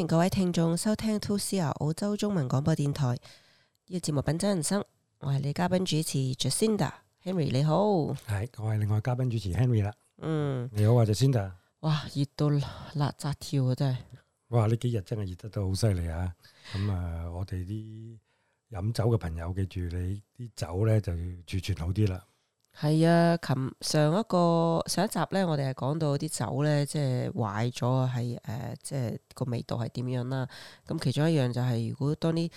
歡迎各位聽眾收聽 2CR 澳洲中文廣播電台呢個節目《品酒人生》，我係你嘉賓主持 Jacinda。Henry 你好，係，我係另外嘉賓主持 Henry 啦，嗯，你好啊 Jacinda，哇，熱到辣炸跳啊真係，哇呢幾日真係熱得都好犀利啊，咁啊我哋啲飲酒嘅朋友記住你啲酒咧就要儲存好啲啦。係啊，琴上一個上一集咧，我哋係講到啲酒咧，即係壞咗係誒，即係個味道係點樣啦。咁其中一樣就係，如果當啲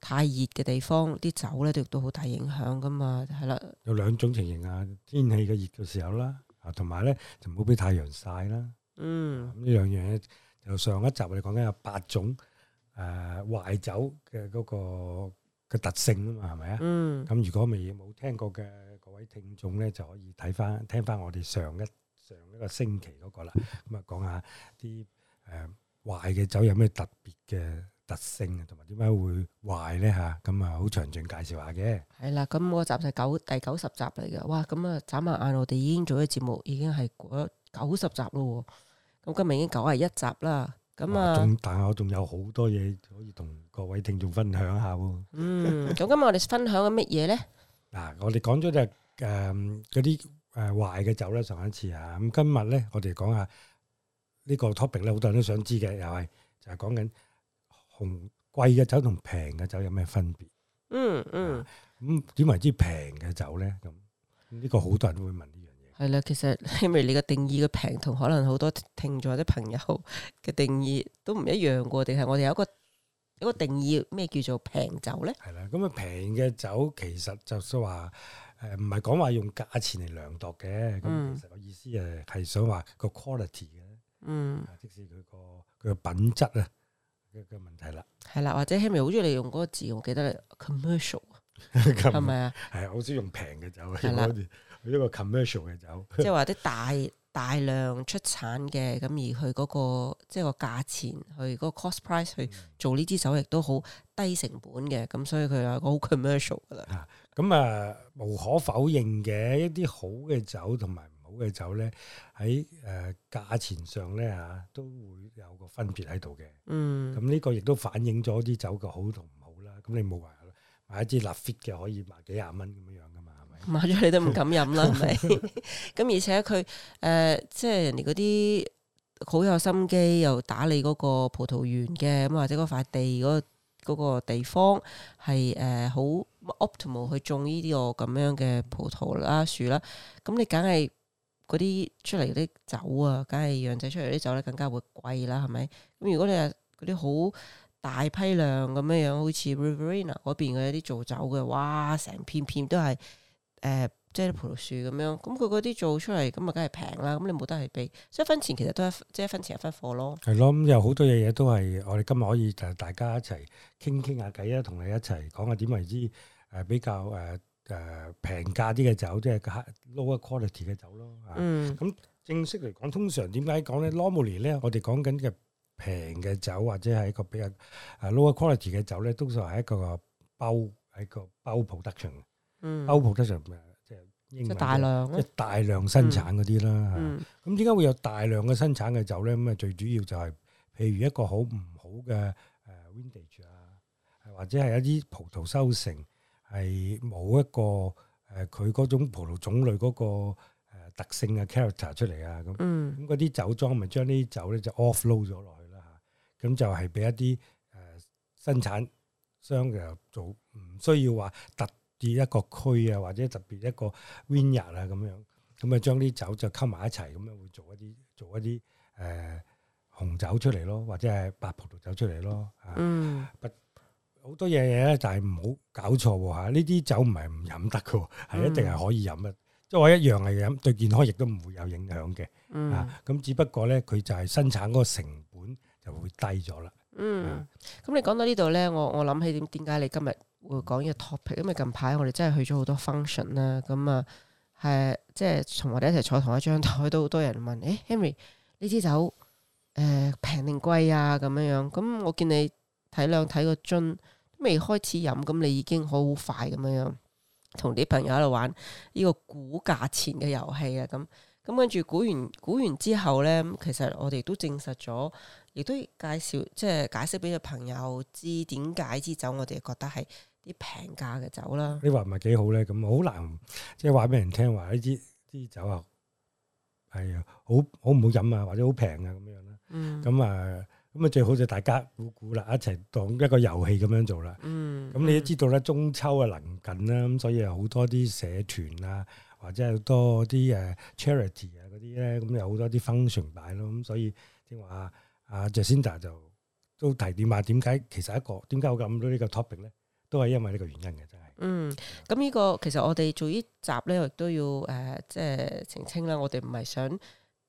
太熱嘅地方，啲酒咧都都好大影響噶嘛，係啦。有兩種情形啊，天氣嘅熱嘅時候啦，啊，同埋咧就唔好俾太陽曬啦。嗯。咁呢兩樣嘢，就上一集我哋講緊有八種誒壞酒嘅嗰個嘅特性啊嘛，係咪啊？嗯。咁如果未冇聽過嘅。各位聽眾咧就可以睇翻，聽翻我哋上一上一個星期嗰個啦，咁啊講下啲誒壞嘅酒有咩特別嘅特性啊，同埋點解會壞咧吓，咁啊好詳盡介紹下嘅。係啦，咁我集就係九第九十集嚟嘅。哇，咁啊眨下眼我哋已經做咗節目已經係過咗九十集咯，咁今日已經九十一集啦，咁啊，但係我仲有好多嘢可以同各位聽眾分享下喎。嗯，咁今日我哋分享緊乜嘢咧？嗱，我哋講咗就。誒，嗰啲誒壞嘅酒咧，上一次啊，咁今日咧，我哋講下呢個 topic 咧，好多人都想知嘅，又係就係講緊紅貴嘅酒同平嘅酒有咩分別，嗯？嗯嗯，咁點為之平嘅酒咧？咁呢個好多人都會問呢樣嘢。係啦，其實因為你嘅定義嘅平同，可能好多聽眾或者朋友嘅定義都唔一樣嘅，定係我哋有一個有一個定義咩叫做平酒咧？係啦，咁啊平嘅酒其實就即係話。誒唔係講話用價錢嚟量度嘅，咁、嗯、其實個意思誒係想話個 quality 嘅，嗯，即使佢個佢個品質啊，嘅問題啦，係啦，或者 Henry 好中意你用嗰個字，我記得你 commercial 係咪啊？我好中意用平嘅酒，係啦了，一個 commercial 嘅酒， 即係話啲大大量出產嘅，咁而佢嗰、嗰個即係個價錢，去嗰個 cost price 去做呢支酒亦都好低成本嘅，咁所以佢有個好 commercial 噶啦。啊咁啊，無可否認嘅，一啲好嘅酒同埋唔好嘅酒咧，喺誒價錢上咧吓、啊，都會有個分別喺度嘅。嗯，咁呢個亦都反映咗啲酒嘅好同唔好啦。咁、嗯、你冇話，買一支拉菲嘅可以賣幾廿蚊咁樣樣噶嘛？係咪？買咗你都唔敢飲啦，係咪 不？咁 而且佢誒、呃，即係人哋嗰啲好有心機，又打理嗰個葡萄園嘅咁，或者嗰塊地嗰嗰個地方係誒好。呃 Optimal 去種呢啲個咁樣嘅葡萄啦樹啦，咁、啊、你梗係嗰啲出嚟啲酒啊，梗係釀製出嚟啲酒咧更加會貴啦，係咪？咁如果你係嗰啲好大批量咁樣樣，好似 Riverina 嗰邊嘅一啲做酒嘅，哇，成片片都係誒，即、呃、係、就是、啲葡萄樹咁樣，咁佢嗰啲做出嚟，咁啊梗係平啦，咁你冇得係俾，一分錢其實都即係一分錢一分貨咯。係咯，咁、嗯、有好多嘢嘢都係我哋今日可以就大家一齊傾傾下偈啊，同你一齊講下點為之。聊聊誒比較誒誒平價啲嘅酒，即係 lower quality 嘅酒咯。嗯。咁正式嚟講，通常點解講咧？Normally 咧，Norm ally, 我哋講緊嘅平嘅酒或者係一個比較 lower quality 嘅酒咧，通常係一個包，係個包 production、嗯。包 production 即係大量、啊。即係大量生產嗰啲啦。咁點解會有大量嘅生產嘅酒咧？咁啊，最主要就係、是、譬如一個好唔好嘅誒 vintage 啊，或者係一啲葡萄收成。係冇一個誒，佢、呃、嗰種葡萄種類嗰、那個、呃、特性啊 character 出嚟啊，咁，咁嗰啲酒莊咪將啲酒咧就 offload 咗落去啦嚇，咁、啊、就係俾一啲誒、呃、生產商嘅做，唔需要話特別一個區啊，或者特別一個 winery 啊咁樣，咁啊將啲酒就溝埋一齊咁樣會做一啲做一啲誒、呃、紅酒出嚟咯，或者係白葡萄酒出嚟咯嚇。啊、嗯。好多嘢嘢咧，就係唔好搞錯吓，呢啲酒唔係唔飲得嘅，係一定係可以飲嘅。即係我一樣係飲，對健康亦都唔會有影響嘅。嗯、啊，咁只不過咧，佢就係生產嗰個成本就會低咗啦。嗯，咁、啊、你講到呢度咧，我我諗起點點解你今日會講呢個 topic？因為近排我哋真係去咗好多 function 啦、啊，咁啊係即係同我哋一齊坐同一張台都好多人問誒、欸、，Henry 呢支酒誒平定貴啊咁樣樣。咁我見你睇兩睇個樽。未開始飲，咁你已經好快咁樣樣，同啲朋友喺度玩呢個估價錢嘅遊戲啊！咁咁跟住估完估完之後咧，其實我哋都證實咗，亦都介紹即係解釋俾個朋友知點解支酒我哋覺得係啲平價嘅酒啦。你話唔係幾好咧？咁好難即係話俾人聽話呢支啲酒啊，係啊，好好唔好飲啊，或者好平啊咁樣啦。咁啊。咁啊，最好就大家鼓鼓啦，一齊當一個遊戲咁樣做啦，嗯。嗯。咁你都知道咧，中秋啊臨近啦，咁所以好多啲社團啊，或者係多啲誒 charity 啊嗰啲咧，咁有好多啲 function 擺咯。咁所以聽話阿 Jacinda 就都提點下點解其實一個點解我揞到呢個 topic 咧，都係因為呢個原因嘅，真係。嗯，咁呢、這個其實我哋做呢集咧，亦都要誒，即係澄清啦，我哋唔係想。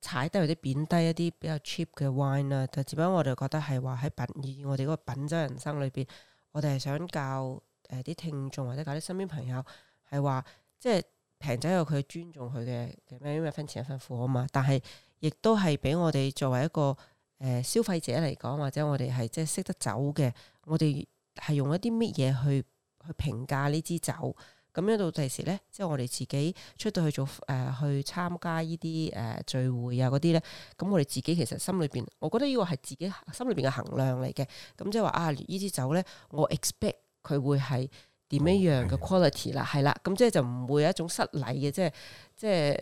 踩低或者貶低一啲比較 cheap 嘅 wine 啦，但只不過我哋覺得係話喺品，以我哋嗰個品質人生裏邊，我哋係想教誒啲聽眾或者教啲身邊朋友係話，即係平仔有佢尊重佢嘅，咁樣因為一分錢一分貨啊嘛。但係亦都係俾我哋作為一個誒、呃、消費者嚟講，或者我哋係即係識得酒嘅，我哋係用一啲乜嘢去去評價呢支酒？咁樣到第時咧，即係我哋自己出到去做誒、呃，去參加呢啲誒聚會啊嗰啲咧，咁我哋自己其實心裏邊，我覺得呢個係自己心裏邊嘅衡量嚟嘅。咁即係話啊，呢支酒咧，我 expect 佢會係點一樣嘅 quality 啦，係啦、哦。咁、嗯、即係就唔會有一種失禮嘅，即係即係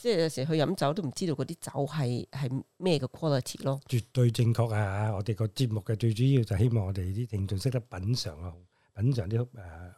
即係有時去飲酒都唔知道嗰啲酒係係咩嘅 quality 咯。絕對正確啊！我哋個節目嘅最主要就希望我哋啲聽眾識得品嚐啊，品嚐啲誒。呃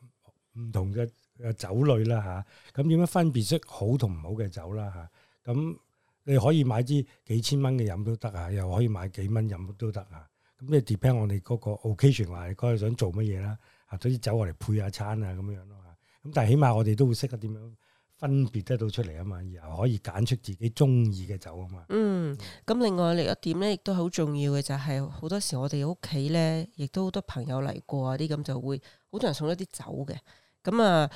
唔同嘅誒酒類啦嚇，咁點樣分別識好同唔好嘅酒啦嚇？咁你可以買支幾千蚊嘅飲都得啊，又可以買幾蚊飲都得啊。咁你 depend 我哋嗰個 occasion 話，嗰日想做乜嘢啦？啊，總之酒我哋配下餐啊咁樣咯嚇。咁但係起碼我哋都會識得點樣分別得到出嚟啊嘛，然後可以揀出自己中意嘅酒啊嘛。嗯，咁、嗯、另外另一點咧，亦都好重要嘅就係好多時我哋屋企咧，亦都好多朋友嚟過啊啲咁就會好多人送一啲酒嘅。咁啊，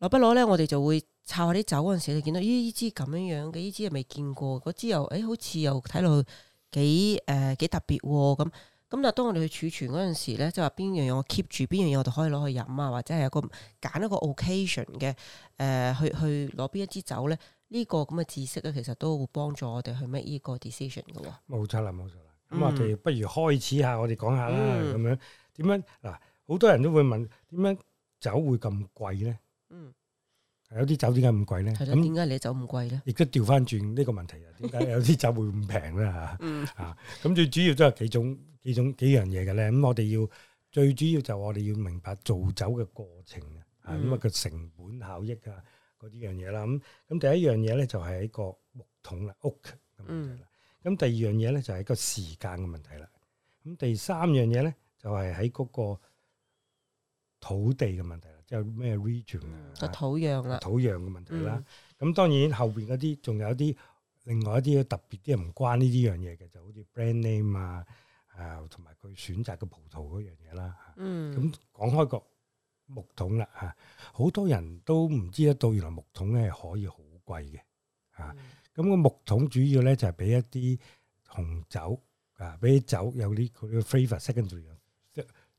攞不攞咧？我哋就會抄下啲酒嗰陣時，就見到咦？呢支咁樣樣嘅，呢支又未見過，嗰支又誒、欸，好似又睇落去幾誒幾特別咁。咁、嗯、但當我哋去儲存嗰陣時咧，就話、是、邊樣嘢我 keep 住，邊樣嘢我就可以攞去飲啊，或者係有一個揀一個 occasion 嘅誒、呃，去去攞邊一支酒咧？呢、這個咁嘅知識咧，其實都會幫助我哋去 make 呢個 decision 嘅。冇錯啦，冇錯啦。咁、嗯、我哋不如開始下，我哋講下啦，咁樣點樣？嗱，好多人都會問點樣？酒會咁貴咧？嗯，有，有啲、嗯、酒點解咁貴咧？咁點解你酒咁貴咧？亦都調翻轉呢個問題、 嗯、啊！點解有啲酒會咁平咧？吓，啊，咁最主要都係幾種、幾種、幾樣嘢嘅咧。咁、嗯、我哋要最主要就我哋要明白做酒嘅過程啊，咁啊個成本效益啊，嗰啲樣嘢啦。咁、嗯、咁、嗯、第一樣嘢咧就係一個木桶啦，屋嘅問題啦。咁第二樣嘢咧就係個時間嘅問題啦。咁第三樣嘢咧就係喺嗰個。土地嘅問，、啊、問題啦，即係咩 region 啊，個土壤啦，土壤嘅問題啦。咁當然後邊嗰啲仲有啲另外一啲特別啲唔關呢啲樣嘢嘅，就好似 brand name 啊啊，同埋佢選擇嘅葡萄嗰樣嘢啦。嗯，咁講開個木桶啦嚇，好多人都唔知得到原來木桶咧係可以好貴嘅嚇。咁、啊、個、嗯、木桶主要咧就係、是、俾一啲紅酒啊，俾啲酒有啲佢嘅 flavour secondary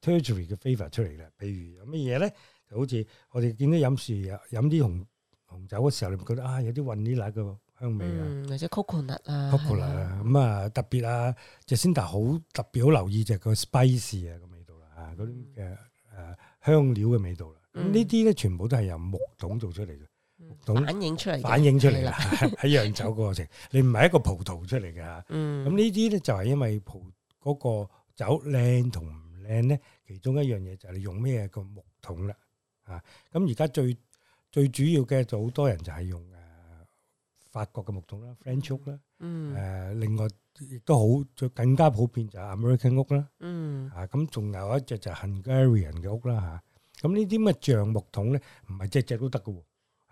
tertiary 嘅 flavour 出嚟啦，譬如有乜嘢咧，就好似我哋見到飲樹飲啲紅紅酒嘅時候，你咪覺得啊，有啲雲尼拿嘅香味啊，或者 coconut 啊，coconut 啊，咁啊特別啊，Jacinda 好特別好留意就係個 spice 啊個味道啦，嚇嗰啲嘅誒香料嘅味道啦，咁呢啲咧全部都係由木桶做出嚟嘅，木桶反映出嚟，反映出嚟啦喺釀酒過程，你唔係一個葡萄出嚟嘅，咁呢啲咧就係因為葡嗰個酒靚同。誒咧，其中一樣嘢就係你用咩個木桶啦，啊！咁而家最最主要嘅就好多人就係用誒法國嘅木桶啦，French oak 啦，誒另外亦都好，就更加普遍就係 American oak 啦，啊！咁仲有一隻就係 Hungarian 嘅屋啦嚇。咁呢啲乜橡木桶咧，唔係隻隻都得㗎喎，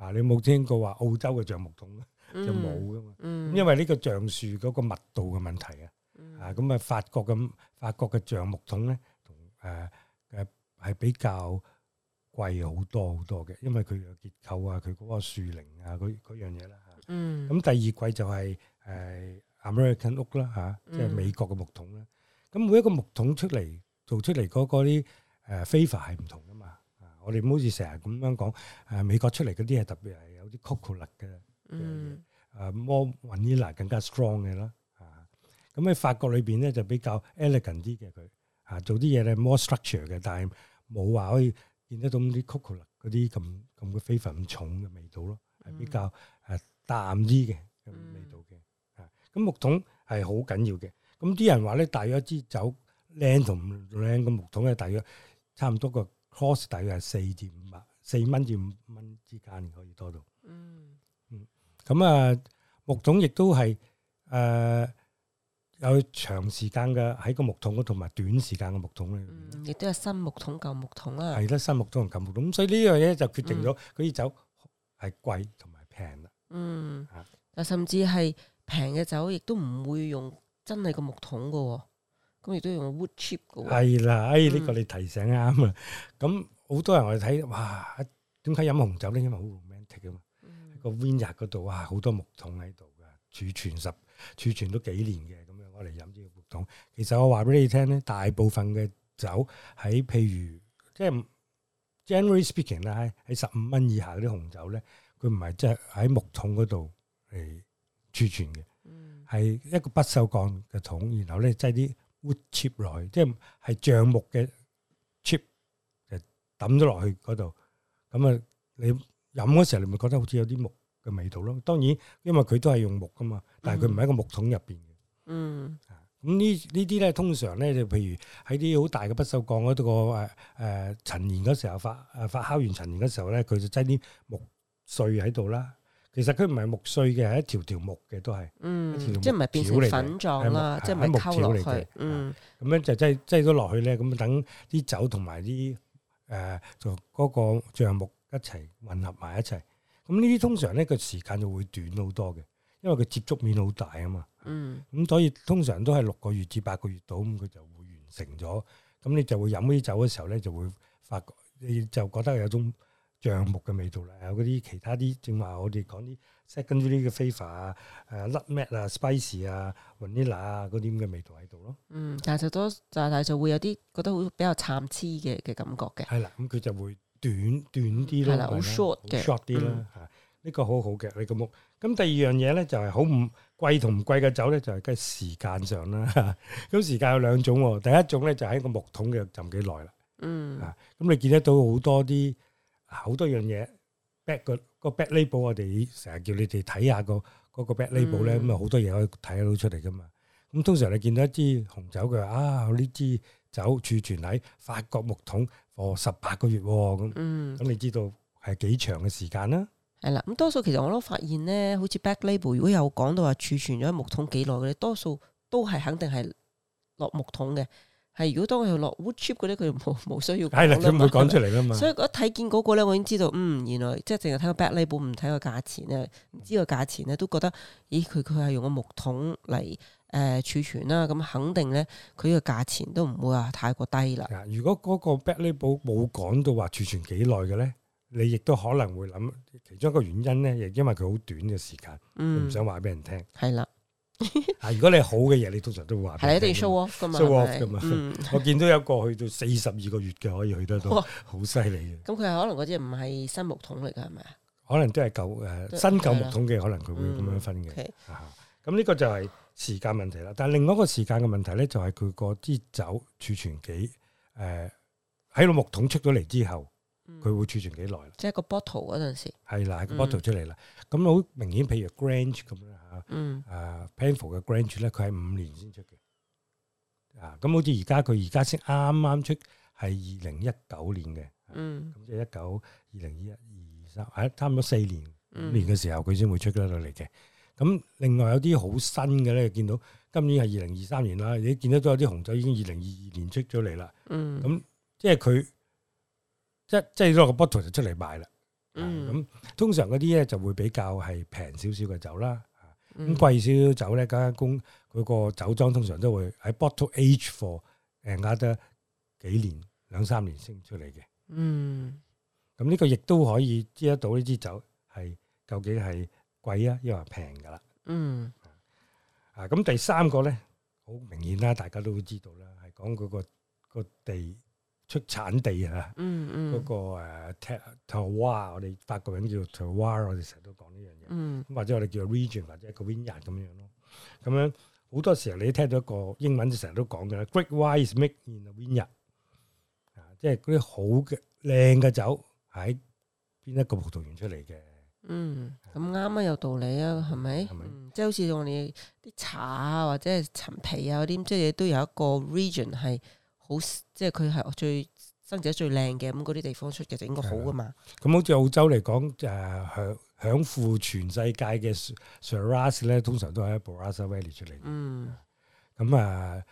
啊！你冇聽過話澳洲嘅橡木桶咧，就冇㗎嘛，因為呢個橡樹嗰個密度嘅問題啊，啊！咁啊法國嘅法國嘅橡木桶咧。誒誒，係比較貴好多好多嘅，因為佢嘅結構啊，佢嗰個樹齡啊，嗰嗰樣嘢啦吓。嗯。咁第二貴就係誒 AmericanOak 啦吓，即係美國嘅木桶啦。咁每一個木桶出嚟做出嚟嗰個啲誒 Flavour 係唔同噶嘛。啊，我哋唔好似成日咁樣講誒，美國出嚟嗰啲係特別係有啲 Chocolate 嘅，誒 More Vanilla 更加 Strong 嘅啦。啊，咁喺法國裏邊咧就比較 Elegant 啲嘅佢。啊，做啲嘢咧 more structure 嘅，但係冇話可以見得到啲 chocolate 嗰啲咁咁嘅非常咁重嘅味道咯，係比較誒淡啲嘅味道嘅。啊，咁木桶係好緊要嘅。咁啲人話咧，大約一支酒靚同唔靚嘅木桶咧，大約差唔多個 cost 大約係四至五百四蚊至五蚊之間可以多到。嗯嗯，咁啊木桶亦都係誒。有長時間嘅喺個木桶嗰度，同埋短時間嘅木桶咧，亦都、嗯、係新木桶、舊木桶啦、啊。係啦，新木桶同舊木桶，咁所以呢樣嘢就決定咗嗰啲酒係貴同埋平啦。嗯，嗯啊，甚至係平嘅酒，亦都唔會用真係個木桶嘅喎，咁亦都用 wood chip 嘅喎。係啦的，嗯、哎，呢、呢個你提醒啱啊！咁好多人我哋睇哇，點解飲紅酒咧？因為好 romantic 嘛，喺個 vineyard 嗰度啊，好多木桶喺度嘅，儲存十儲存咗幾年嘅。我嚟飲呢個木桶，其實我話俾你聽咧，大部分嘅酒喺譬如即係、就是、Generally speaking 啦，喺十五蚊以下嗰啲紅酒咧，佢唔係即係喺木桶嗰度嚟儲存嘅，係、嗯、一個不鏽鋼嘅桶，然後咧擠啲 wood chip 落去，即係係橡木嘅 chip，就抌咗落去嗰度。咁啊，你飲嗰時候你咪覺得好似有啲木嘅味道咯。當然，因為佢都係用木噶嘛，但係佢唔係一個木桶入邊。嗯。嗯，咁呢呢啲咧，通常咧就譬如喺啲好大嘅不鏽鋼嗰度，誒誒陳年嗰時候發誒發酵完陳年嗰時候咧，佢就擠啲木碎喺度啦。其實佢唔係木碎嘅，係一條條木嘅都係。嗯，即係唔係變成粉狀啦，啊、即係唔係溝落去。嗯，咁樣就擠擠咗落去咧，咁等啲酒同埋啲誒就嗰個橡木一齊混合埋一齊。咁呢啲通常咧個時間就會短好多嘅。因為佢接觸面好大啊嘛，嗯，咁、嗯、所以通常都係六個月至八個月度，咁佢就會完成咗，咁你就會飲呢啲酒嘅時候咧，就會發覺，你就覺得有種橡木嘅味道啦，有嗰啲其他啲，正話我哋講啲，即係跟住呢個 flavor 啊，誒，nutmeg 啊 spicy 啊，vanilla 啊，嗰啲咁嘅味道喺度咯。嗯，但係就多，但係就會有啲覺得會比較參差嘅嘅感覺嘅。係啦，咁佢就會短短啲咯，係啦，short 嘅，short 啲啦，吓。呢個好好嘅，你、這個木。咁第二樣嘢咧就係好唔貴同唔貴嘅酒咧，就係喺時間上啦。咁時間有兩種，第一種咧就喺個木桶嘅浸幾耐啦。嗯，咁、啊、你見得到好多啲好多樣嘢。back、那個 back label，我哋成日叫你哋睇下個嗰、那個 back label 咧、嗯，咁啊好多嘢可以睇到出嚟㗎嘛。咁通常你見到一支紅酒嘅，啊呢支酒儲存喺法國木桶放十八個月咁，咁、嗯、你知道係幾長嘅時間啦。係啦，咁多數其實我都發現咧，好似 back label，如果有講到話儲存咗木桶幾耐嘅，多數都係肯定係落木桶嘅。係如果當佢落 wood chip 嗰啲，佢就冇冇需要。係啦、哎，佢唔會講出嚟噶嘛。所以我睇見嗰、那個咧，我已經知道，嗯，原來即係淨係睇個 back label，唔睇個價錢咧，唔知個價錢咧，都覺得，咦，佢佢係用個木桶嚟誒、呃、儲存啦，咁肯定咧，佢個價錢都唔會話太過低啦。如果嗰個 back label 冇講到話儲存幾耐嘅咧？你亦都可能會諗，其中一個原因咧，亦因為佢好短嘅時間，唔想話俾人聽。係啦，啊！如果你好嘅嘢，你通常都會話俾人聽。係啊，一定要 show off 噶嘛。show off 噶嘛。我見到有個去到四十二個月嘅，可以去得到，好犀利嘅。咁佢可能嗰啲唔係新木桶嚟㗎，係咪啊？可能都係舊誒新舊木桶嘅，可能佢會咁樣分嘅。咁呢個就係時間問題啦。但係另外一個時間嘅問題咧，就係佢個啲酒儲存幾誒喺個木桶出咗嚟之後。佢、嗯、會儲存幾耐？即係個 bottle 嗰陣時，係嗱，係個 bottle、嗯、出嚟啦。咁好明顯，譬如 Grange 咁樣嚇、嗯，啊 Penfolds 嘅 Grange 咧，佢係五年先出嘅。啊，咁好似而家佢而家先啱啱出，係二零一九年嘅。嗯，咁即係一九二零二一二三，係差唔多四年五、嗯、年嘅時候，佢先會出得到嚟嘅。咁、啊、另外有啲好新嘅咧，見到今年係二零二三年啦，你見得到，到有啲紅酒已經二零二二年出咗嚟啦。咁即係佢。即係即係攞個 bottle 就出嚟賣啦，咁、嗯啊、通常嗰啲咧就會比較係平少少嘅酒啦，咁貴少少酒咧，嗰間公佢個酒莊通常都會喺 bottle age 貨誒壓得幾年兩三年先出嚟嘅，嗯，咁呢、嗯、個亦都可以知得到呢支酒係究竟係貴啊抑或平噶啦，嗯，啊咁第三個咧好明顯啦，大家都會知道啦，係講嗰個、嗰個地。出產地啊，嗰、嗯嗯嗰個誒、uh, terroir，我哋法國人叫 terroir 我哋成日都講呢樣嘢，嗯、或者我哋叫 region 或者一個 vineyard 咁樣咯。咁樣好多時候你聽到一個英文就成日都講嘅啦，Great wine is made in the vineyard，啊，即係嗰啲好嘅靚嘅酒喺邊一個葡萄園出嚟嘅。嗯，咁啱啊，嗯、有道理啊，係咪吧吧、嗯？即係好似我哋啲茶啊，或者陳皮啊嗰啲，即係都有一個 region 係。好即係佢係最生得最靚嘅，咁嗰啲地方出嘅，就應該好噶嘛。咁好似澳洲嚟講，就享享富全世界嘅 Shiraz 咧，通常都喺 Barossa Valley 出嚟。嗯。咁啊，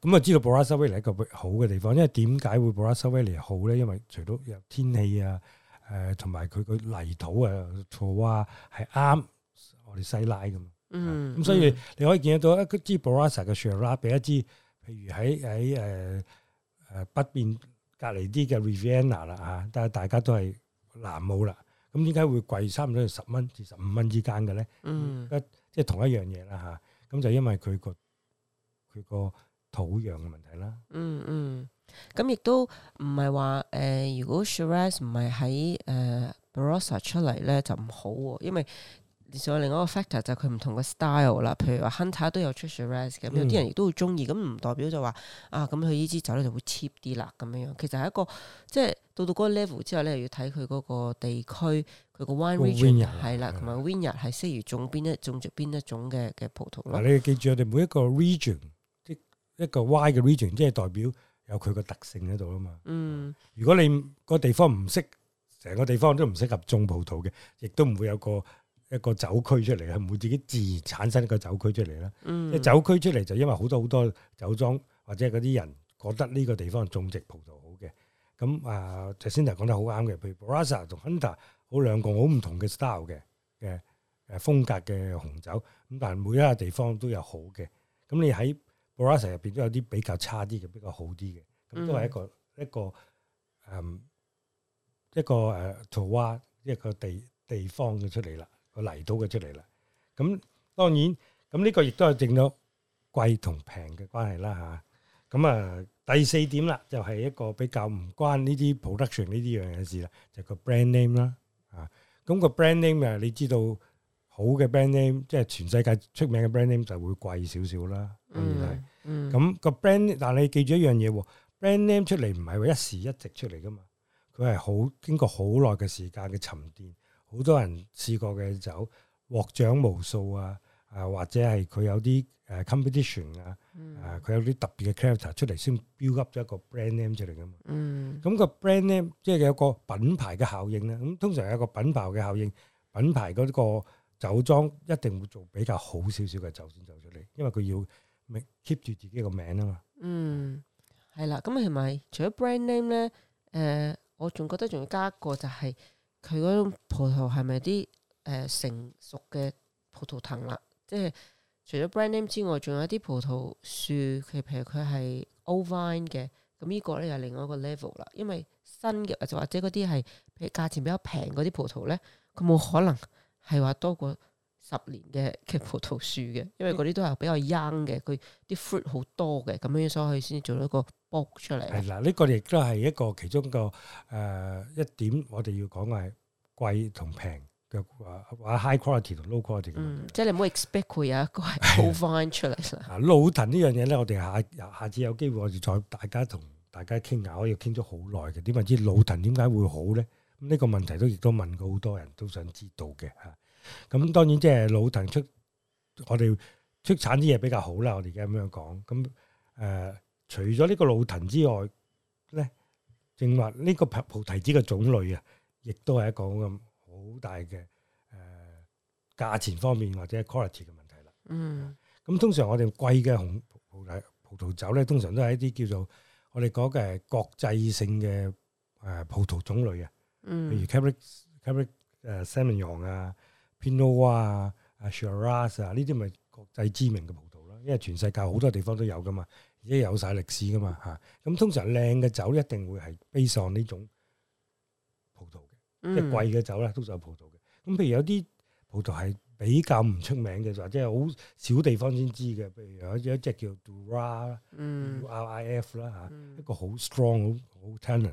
咁啊，知道 Barossa Valley 係一個好嘅地方，因為點解會 Barossa Valley 好咧？因為除咗有天氣啊，誒，同埋佢個泥土啊、土啊係啱我哋西拉噶嘛。嗯。咁所以你可以見得到一支 Barossa 嘅 Shiraz 比一支。嗯例如喺喺誒誒北邊隔離啲嘅 Riverina 啦嚇，但係大家都係南冇啦。咁點解會貴差唔多十蚊至十五蚊之間嘅咧、嗯啊嗯？嗯，即係同一樣嘢啦嚇。咁就因為佢個佢個土壤嘅問題啦。嗯嗯。咁亦都唔係話誒，如果 Shiraz 唔係喺、呃、誒 Barossa 出嚟咧，就唔好喎、啊，因為。另外另一個 factor 就係佢唔同個 style 啦，譬如話 Hunter 都有出 Shiraz 嘅，有啲人亦都會中意，咁唔代表就話啊咁佢呢支酒咧就會 cheap 啲啦咁樣樣。其實係一個即係到到嗰個 level 之後咧，又要睇佢嗰個地區佢個 wine region 係啦，同埋 winer 係適宜種邊一種著邊一種嘅嘅葡萄。嗱，你要記住我哋每一個 region，一一個 wide 嘅 region，即係代表有佢個特性喺度啦嘛。嗯，如果你個地方唔適，成個地方都唔適合種葡萄嘅，亦都唔會有個一個酒區出嚟，係唔會自己自然產生一個酒區出嚟啦。一、嗯、酒區出嚟就因為好多好多酒莊或者嗰啲人覺得呢個地方種植葡萄好嘅，咁啊頭先就講得好啱嘅。譬如 Barossa 同 Hunter 好兩個好唔同嘅 style 嘅嘅誒風格嘅紅酒，咁但係每一個地方都有好嘅。咁你喺 Barossa 入邊都有啲比較差啲嘅，比較好啲嘅，咁都係一個、嗯、一個誒一個誒 terroir 一個地地方嘅出嚟啦。嚟到嘅出嚟啦，咁當然咁呢個亦都係定咗貴同平嘅關係啦嚇。咁啊第四點啦，就係一個比較唔關呢啲 production 呢啲樣嘅事啦，就個 brand name 啦嚇。咁個 brand name 啊，那個、name，你知道好嘅 brand name，即係全世界出名嘅 brand name 就會貴少少啦。咁樣咁個 brand，name，但係你記住一樣嘢喎，brand name 出嚟唔係話一時一直出嚟噶嘛，佢係好經過好耐嘅時間嘅沉澱。好多人試過嘅酒，獲獎無數啊！啊，或者係佢有啲誒 competition 啊，啊，佢有啲特別嘅 character 出嚟，先 build up 咗一個 brand name 出嚟噶嘛。嗯，咁個 brand name 即係有個品牌嘅效應啦。咁通常有個品牌嘅效應，品牌嗰個酒莊一定會做比較好少少嘅酒先走出嚟，因為佢要 keep 住自己個名啊嘛。嗯，係啦。咁係咪除咗 brand name 咧？誒，我仲覺得仲要加一個就係。佢嗰種葡萄係咪啲誒成熟嘅葡萄藤啦？即係除咗 brand name 之外，仲有啲葡萄樹，佢譬如佢係 old vine 嘅，咁呢個咧又另外一個 level 啦。因為新嘅就或者嗰啲係譬如價錢比較平嗰啲葡萄咧，佢冇可能係話多過十年嘅嘅葡萄樹嘅，因為嗰啲都係比較 young 嘅，佢啲 fruit 好多嘅咁樣，所以佢先至做到一個。卜、哦、出嚟係啦，呢、這個亦都係一個其中個誒、呃、一點我，我哋要講係貴同平嘅啊，或 high quality 同 low quality 嘅。即係你唔好 expect 佢有一個係好 fine 出嚟啦。啊， 老藤呢樣嘢咧，我哋下下次有機會我哋再大家同大家傾下，可以傾咗好耐嘅。點解知老藤點解會好咧？咁、這、呢個問題都亦都問過好多人都想知道嘅吓。咁當然即係老藤出，我哋出產啲嘢比較好啦。我哋而家咁樣講，咁誒。呃除咗呢個老藤之外咧，正話呢個葡萄提子嘅種類啊，亦都係一個咁好大嘅誒、呃、價錢方面或者 quality 嘅問題啦。嗯，咁、嗯、通常我哋貴嘅紅葡葡萄酒咧，通常都係一啲叫做我哋講嘅國際性嘅誒、呃、葡萄種類啊，譬、嗯、如 Cabernet, Cabernet,、uh, Sauvignon, uh, Cabernet Cabernet 誒 Sauvignon 啊、Pinot 啊、Shiraz 啊，呢啲咪國際知名嘅葡萄啦，因為全世界好多地方都有㗎嘛。已經有晒歷史噶嘛嚇，咁通常靚嘅酒一定會係悲 a 呢種葡萄嘅，嗯、即係貴嘅酒咧常有葡萄嘅。咁譬如有啲葡萄係比較唔出名嘅，或者係好少地方先知嘅。譬如有一隻叫 Dura，嗯，R I F 啦嚇，一個好 strong 好好 t a l e n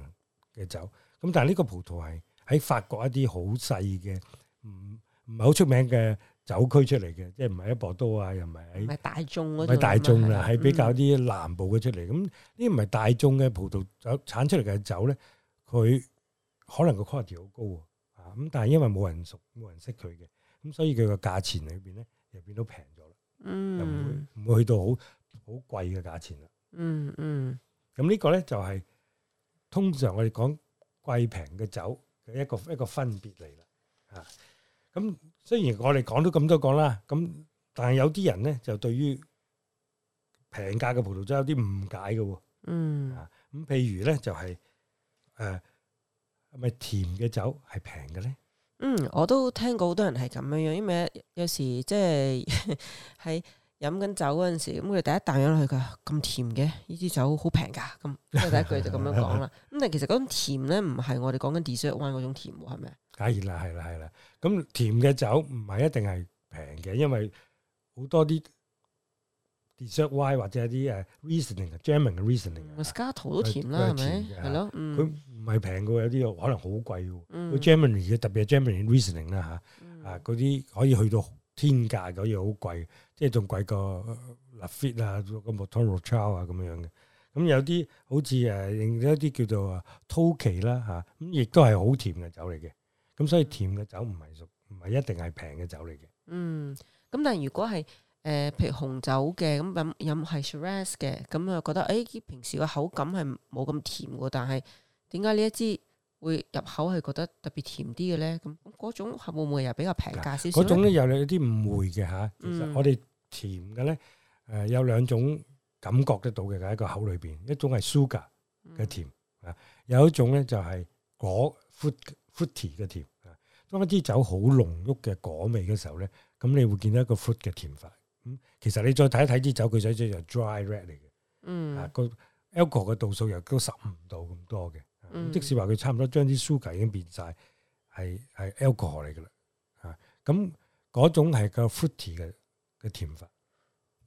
t 嘅酒。咁但係呢個葡萄係喺法國一啲好細嘅，唔唔係好出名嘅。酒區出嚟嘅，即係唔係喺博多啊，又唔係喺，唔係大眾嗰，唔係大眾啊，係比較啲南部嘅出嚟。咁呢啲唔係大眾嘅葡萄酒產出嚟嘅酒咧，佢可能個 quality 好高啊。咁但係因為冇人熟，冇人識佢嘅，咁所以佢個價錢裏邊咧，又變都平咗啦。嗯，又唔會唔會去到好好貴嘅價錢啦。嗯嗯。咁呢個咧就係通常我哋講貴平嘅酒嘅一個一個分別嚟啦。嚇，咁。雖然我哋講到咁多個啦，咁但係有啲人咧就對於平價嘅葡萄酒有啲誤解嘅。嗯、啊，咁譬如咧就係、是、誒，係、呃、咪甜嘅酒係平嘅咧？嗯，我都聽過好多人係咁樣樣，因為有時即係喺飲緊酒嗰陣時，咁佢哋第一啖飲落去佢，咁甜嘅，呢支酒好平噶。咁第一句就咁樣講啦。咁 但係其實嗰種甜咧，唔係我哋講緊 dessert wine 嗰種甜，係咪？自然啦，係啦，係啦。咁甜嘅酒唔係一定係平嘅，因為好多啲 dessert wine 或者啲誒 Riesling 嘅 German 嘅 Riesling，Moscato 都甜啦，係咪的？係咯，佢唔係平嘅，有啲可能好貴嘅。佢 German 嘅特別係 German Riesling 啦吓。嗯、啊嗰啲可以去到天價嗰樣好貴，即係仲貴過 Lafite、嗯嗯、啊，個 Mouton Rothschild 啊咁樣嘅。咁有啲好似誒另一啲叫做 Tokay 啦吓。咁亦都係好甜嘅酒嚟嘅。咁所以甜嘅酒唔係熟，唔係一定係平嘅酒嚟嘅。嗯，咁但係如果係誒，譬如紅酒嘅咁飲飲係 Shiraz 嘅，咁啊覺得誒，平時個口感係冇咁甜嘅，但係點解呢一支會入口係覺得特別甜啲嘅咧？咁嗰種會唔會又比較平價少少？嗰種咧又有啲誤會嘅吓。其實我哋甜嘅咧，誒有兩種感覺得到嘅喺個口裏邊，一種係 sugar 嘅甜啊，有一種咧就係果 food。fruity 嘅甜，當一支酒好濃郁嘅果味嘅時候咧，咁你會見到一個 fruit 嘅甜法。咁其實你再睇一睇支酒，佢實質又 dry red 嚟嘅，嗯，啊、個 alcohol 嘅度數又都十五度咁多嘅。嗯、即使話佢差唔多將啲 sugar 已經變晒，係係 alcohol 嚟噶啦，吓咁嗰種係個 fruity 嘅嘅甜法，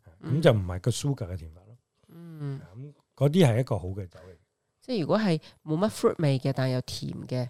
咁、嗯啊、就唔係個 sugar 嘅甜法咯。嗯，咁嗰啲係一個好嘅酒嚟。嘅。即係如果係冇乜 fruit 味嘅，但係又甜嘅。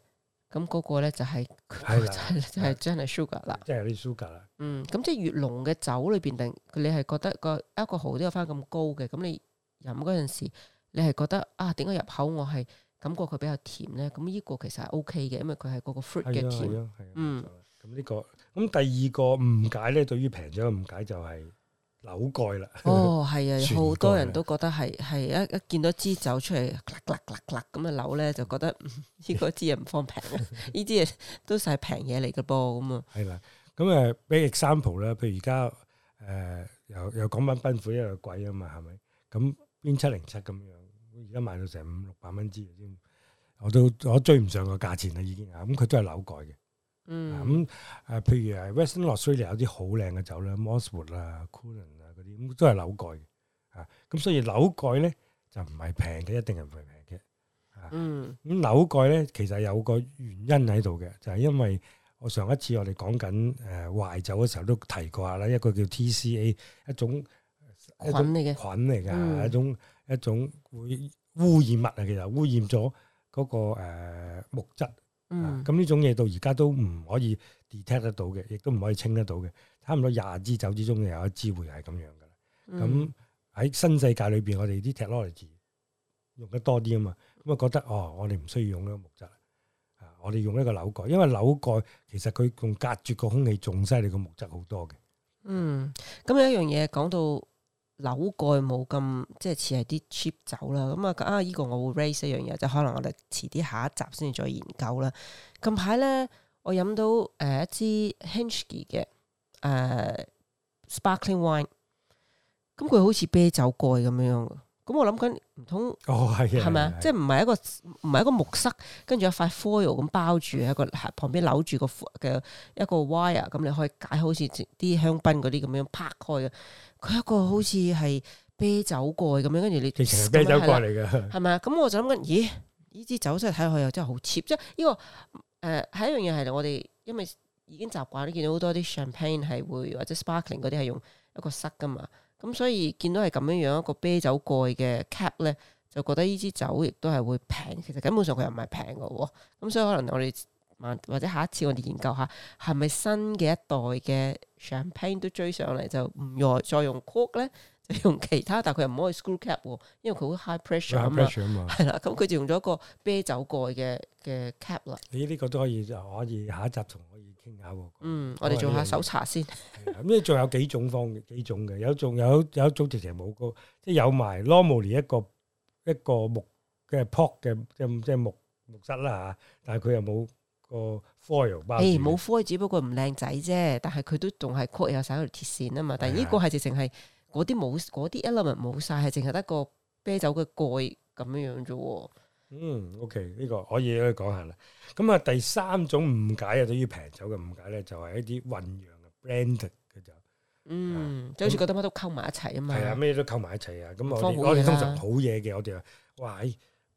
咁嗰個咧就係、是、的 就係就係真係 sugar 啦，即係啲 sugar 啦。嗯，咁即係越濃嘅酒裏邊，定你係覺得個 alcohol 都有翻咁高嘅。咁你飲嗰陣時，你係覺得啊，點解入口我係感覺佢比較甜咧？咁呢個其實係 OK 嘅，因為佢係嗰個 fruit 嘅甜。嗯，咁呢、嗯這個，咁第二個誤解咧，對於平咗嘅誤解就係、是。扭蓋啦！哦，係啊，好多人都覺得係係一一見到支酒出嚟，嗱嗱嗱嗱咁嘅扭咧，就覺得呢、嗯 呢個支又唔方平啊！呢啲嘢都係平嘢嚟嘅噃，咁啊。係啦，咁啊俾 example 啦，譬如而家誒又又講返奔富又貴啊嘛，係咪？咁 Bin 七零七咁樣，而家賣到成五六百蚊支嘅啫，我都我追唔上個價錢啦，已經啊！咁佢都係扭蓋嘅。嗯，咁誒、啊，譬如誒 Western Australia 有啲好靚嘅酒啦 Mosswood 啊、Coolen 啊嗰啲，咁都係扭蓋嘅，咁、啊、所以扭蓋咧就唔係平嘅，一定係唔平嘅。嗯。咁扭、啊、蓋咧其實有個原因喺度嘅，就係、是、因為我上一次我哋講緊誒壞酒嘅時候都提過啦，一個叫 TCA 一,一種菌嚟嘅菌嚟㗎，一種一種會污染物啊，其實污染咗嗰、那個、呃呃、木質。咁呢、嗯、種嘢到而家都唔可以 detect 得到嘅，亦都唔可以清得到嘅，差唔多廿支酒之中有一支會係咁樣嘅。咁喺、嗯、新世界裏邊，我哋啲 technology 用得多啲啊嘛，咁啊覺得哦，我哋唔需要用呢個木質啦，啊，我哋用呢個扭蓋，因為扭蓋其實佢仲隔絕個空氣仲犀利過木質好多嘅。嗯，咁有一樣嘢講到。扭蓋冇咁即係似係啲 cheap 酒啦，咁啊啊依、這個我會 raise 一樣嘢，就可能我哋遲啲下一集先至再研究啦。近排呢，我飲到誒、呃、一支 Henschke 嘅誒、呃、sparkling wine，咁佢好似啤酒蓋咁樣樣，咁我諗緊唔通？哦係係咪啊？嗎即係唔係一個唔係一個木塞，跟住有塊 foil 咁包住，喺個旁邊扭住個嘅一個 wire，咁你可以解好似啲香檳嗰啲咁樣啪開啊。佢一個好似係啤酒蓋咁樣，跟住你其實係啤酒蓋嚟㗎，係咪啊？咁我就諗緊，咦？呢支酒真係睇落去又真係好 cheap，即係呢個誒係、呃、一樣嘢係我哋，因為已經習慣你見到好多啲 champagne 係會或者 sparkling 嗰啲係用一個塞噶嘛，咁所以見到係咁樣樣一個啤酒蓋嘅 cap 咧，就覺得呢支酒亦都係會平，其實根本上佢又唔係平㗎喎，咁所以可能我哋。或者下一次我哋研究下，係咪新嘅一代嘅 champagne 都追上嚟就唔再再用 cork 咧，就用其他，但佢又唔可以 screw cap 喎，因為佢好 high pressure 啊嘛。係啦，咁佢就用咗一個啤酒蓋嘅嘅 cap 啦。咦？呢個都可以就可以下一集同可以傾下喎。嗯，我哋做下搜查先。咁咧仲有幾種方幾種嘅，有仲有有一種直情冇個，即係有埋 normally 一個一個木嘅 pock 嘅即即木木塞啦嚇，但係佢又冇。個 foil，誒冇 foil，只不過唔靚仔啫，但係佢都仲係 coat 有晒條鐵線啊嘛，但係呢個係直情係嗰啲冇嗰啲 element 冇晒，係淨係得個啤酒嘅蓋咁樣樣啫。嗯，OK，呢個可以講下啦。咁啊，第三種誤解啊，對於平酒嘅誤解咧，嗯嗯、就係一啲混釀嘅 blended，佢就嗯就好似覺得乜都溝埋一齊啊嘛，係啊、嗯，咩都溝埋一齊啊。咁我哋，我哋通常好嘢嘅，我哋哇。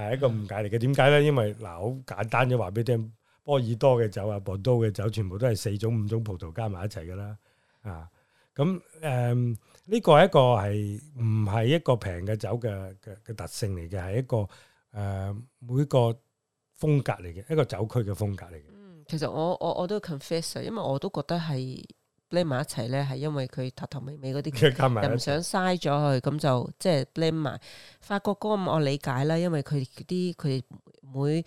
係一個誤解嚟嘅，點解咧？因為嗱，好簡單就話俾你聽，波爾多嘅酒啊，博多嘅酒，全部都係四種、五種葡萄加埋一齊噶啦，啊，咁、嗯、誒、呢、嗯這個係一個係唔係一個平嘅酒嘅嘅特性嚟嘅，係一個誒、呃、每個風格嚟嘅，一個酒區嘅風格嚟嘅。嗯，其實我我我都 confess 啊，因為我都覺得係。blend 埋一齊咧，係因為佢頭頭尾尾嗰啲，又唔想嘥咗佢，咁就即係 blend 埋。法國歌咁我理解啦，因為佢啲佢哋每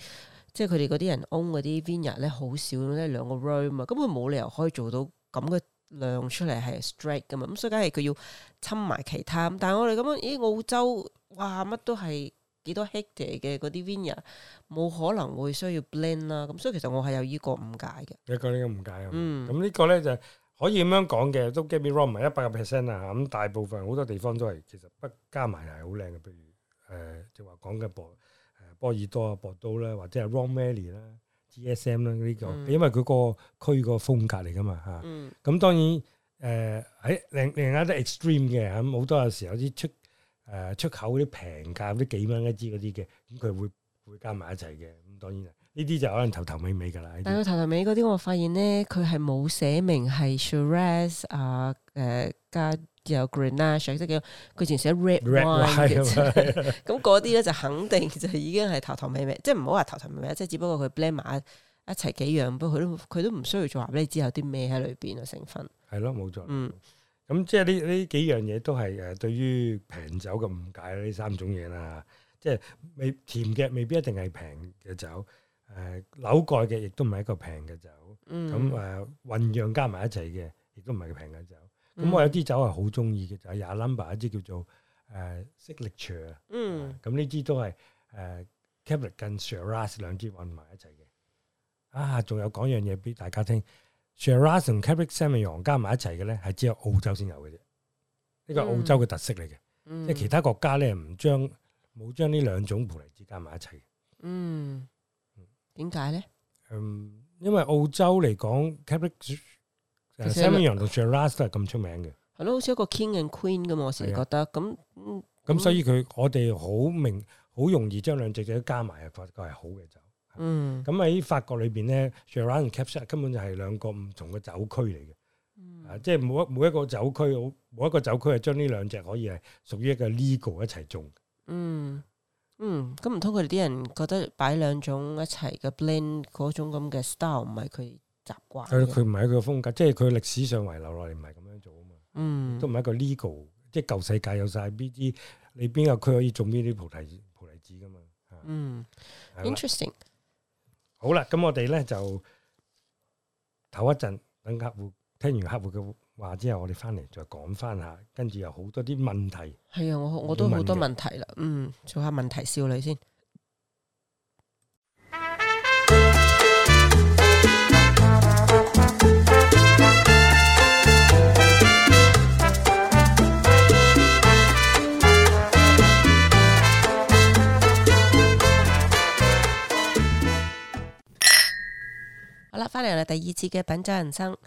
即係佢哋嗰啲人 own 嗰啲 vina 咧，好少咧兩個 roy 嘛，根本冇理由可以做到咁嘅量出嚟係 straight 噶嘛，咁所以梗係佢要侵埋其他。但係我哋咁樣，咦澳洲哇乜都係幾多 hater 嘅嗰啲 vina 冇可能會需要 blend 啦。咁所以其實我係有呢個誤解嘅。你講呢個誤解，嗯，咁呢個咧就。可以咁樣講嘅，都 get me wrong 唔係一百個 percent 啊，咁大部分好多地方都係其實不加埋係好靚嘅。譬如誒即係話講嘅博、呃、波爾多啊、波都啦，或者係 Rhone Valley 啦、GSM 啦呢個，因為佢個區個風格嚟㗎嘛嚇。咁當然誒喺另另外啲 extreme 嘅，咁好多有時有啲出誒出口嗰啲平價嗰啲幾蚊一支嗰啲嘅，咁佢會會加埋一齊嘅，咁當然。呃呢啲就可能頭頭尾尾噶啦，但係頭頭尾嗰啲，我發現咧，佢係冇寫明係 Shiraz 啊，誒加有 Grenache，叫佢全寫 red wine 嘅已，咁嗰啲咧就肯定就已經係頭頭尾尾，即係唔好話頭頭尾尾，即係只不過佢 blend 埋一齊幾樣，不過佢都佢都唔需要再話俾你知有啲咩喺裏邊嘅成分。係咯，冇錯。嗯，咁即係呢呢幾樣嘢都係誒對於平酒嘅誤解呢三種嘢啦，即係未甜嘅未必一定係平嘅酒。誒紐蓋嘅亦都唔係一個平嘅酒，咁誒混釀加埋一齊嘅亦都唔係個平嘅酒。咁我有啲酒係好中意嘅，就係 Yalumba 一支叫做誒色力卓，嗯，咁呢支都係誒 Cabernet Shiraz 兩支混埋一齊嘅。啊，仲有講樣嘢俾大家聽，Shiraz 同 Cabernet 嘅加埋一齊嘅咧，係只有澳洲先有嘅啫，呢個澳洲嘅特色嚟嘅，即係其他國家咧唔將冇將呢兩種葡嚟支加埋一齊。嗯。點解咧？嗯，因為澳洲嚟講，Capric，Sammy 羊同 Shiraz 都係咁出名嘅。係咯， 嗯、好似一個 King and Queen 咁啊、嗯！我成日覺得。咁咁，所以佢、嗯、我哋好明，好容易將兩隻嘢加埋，法國係好嘅酒。嗯。咁喺法國裏邊咧 Shiraz and Capric 根本就係兩個唔同嘅酒區嚟嘅。啊，嗯、即係每一每一個酒區，好每一個酒區啊，將呢兩隻可以係屬於一個 legal 一齊種。嗯。嗯，咁唔通佢哋啲人覺得擺兩種一齊嘅 blend 嗰種咁嘅 style 唔係佢習慣？佢唔係佢風格，即係佢歷史上遺留落嚟唔係咁樣做啊嘛。嗯，都唔係一個 legal，即係舊世界有晒邊啲，你邊個區可以種呢啲菩提菩提子㗎嘛？嗯吧，interesting 好。好啦，咁我哋咧就唞一陣，等客戶聽完客戶嘅。話之後我哋翻嚟再講翻下，跟住有好多啲問題。係啊，我我都好多問題啦。嗯，做下問題少女先。好啦，翻嚟我哋第二次嘅品酒人生。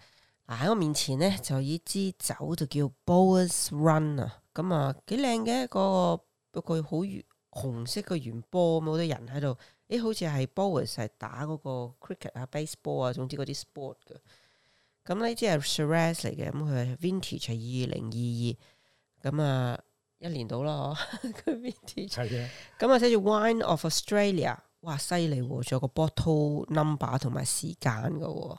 喺我面前呢，就依支酒就叫 Bowler's Run 啊、嗯，咁啊幾靚嘅一個，不過好圓紅色嘅，圓波，冇得人喺度，咦好似係 Bowler's 係打嗰個 cricket 啊、baseball 啊，總之嗰啲 sport 嘅。咁呢支係 Shiraz 嚟嘅，咁佢 Vintage 係、嗯、二零二二，咁、嗯、啊一年到啦佢 Vintage，咁啊寫住 Wine of Australia，哇犀利喎，仲有個 bottle number 同埋時間嘅喎。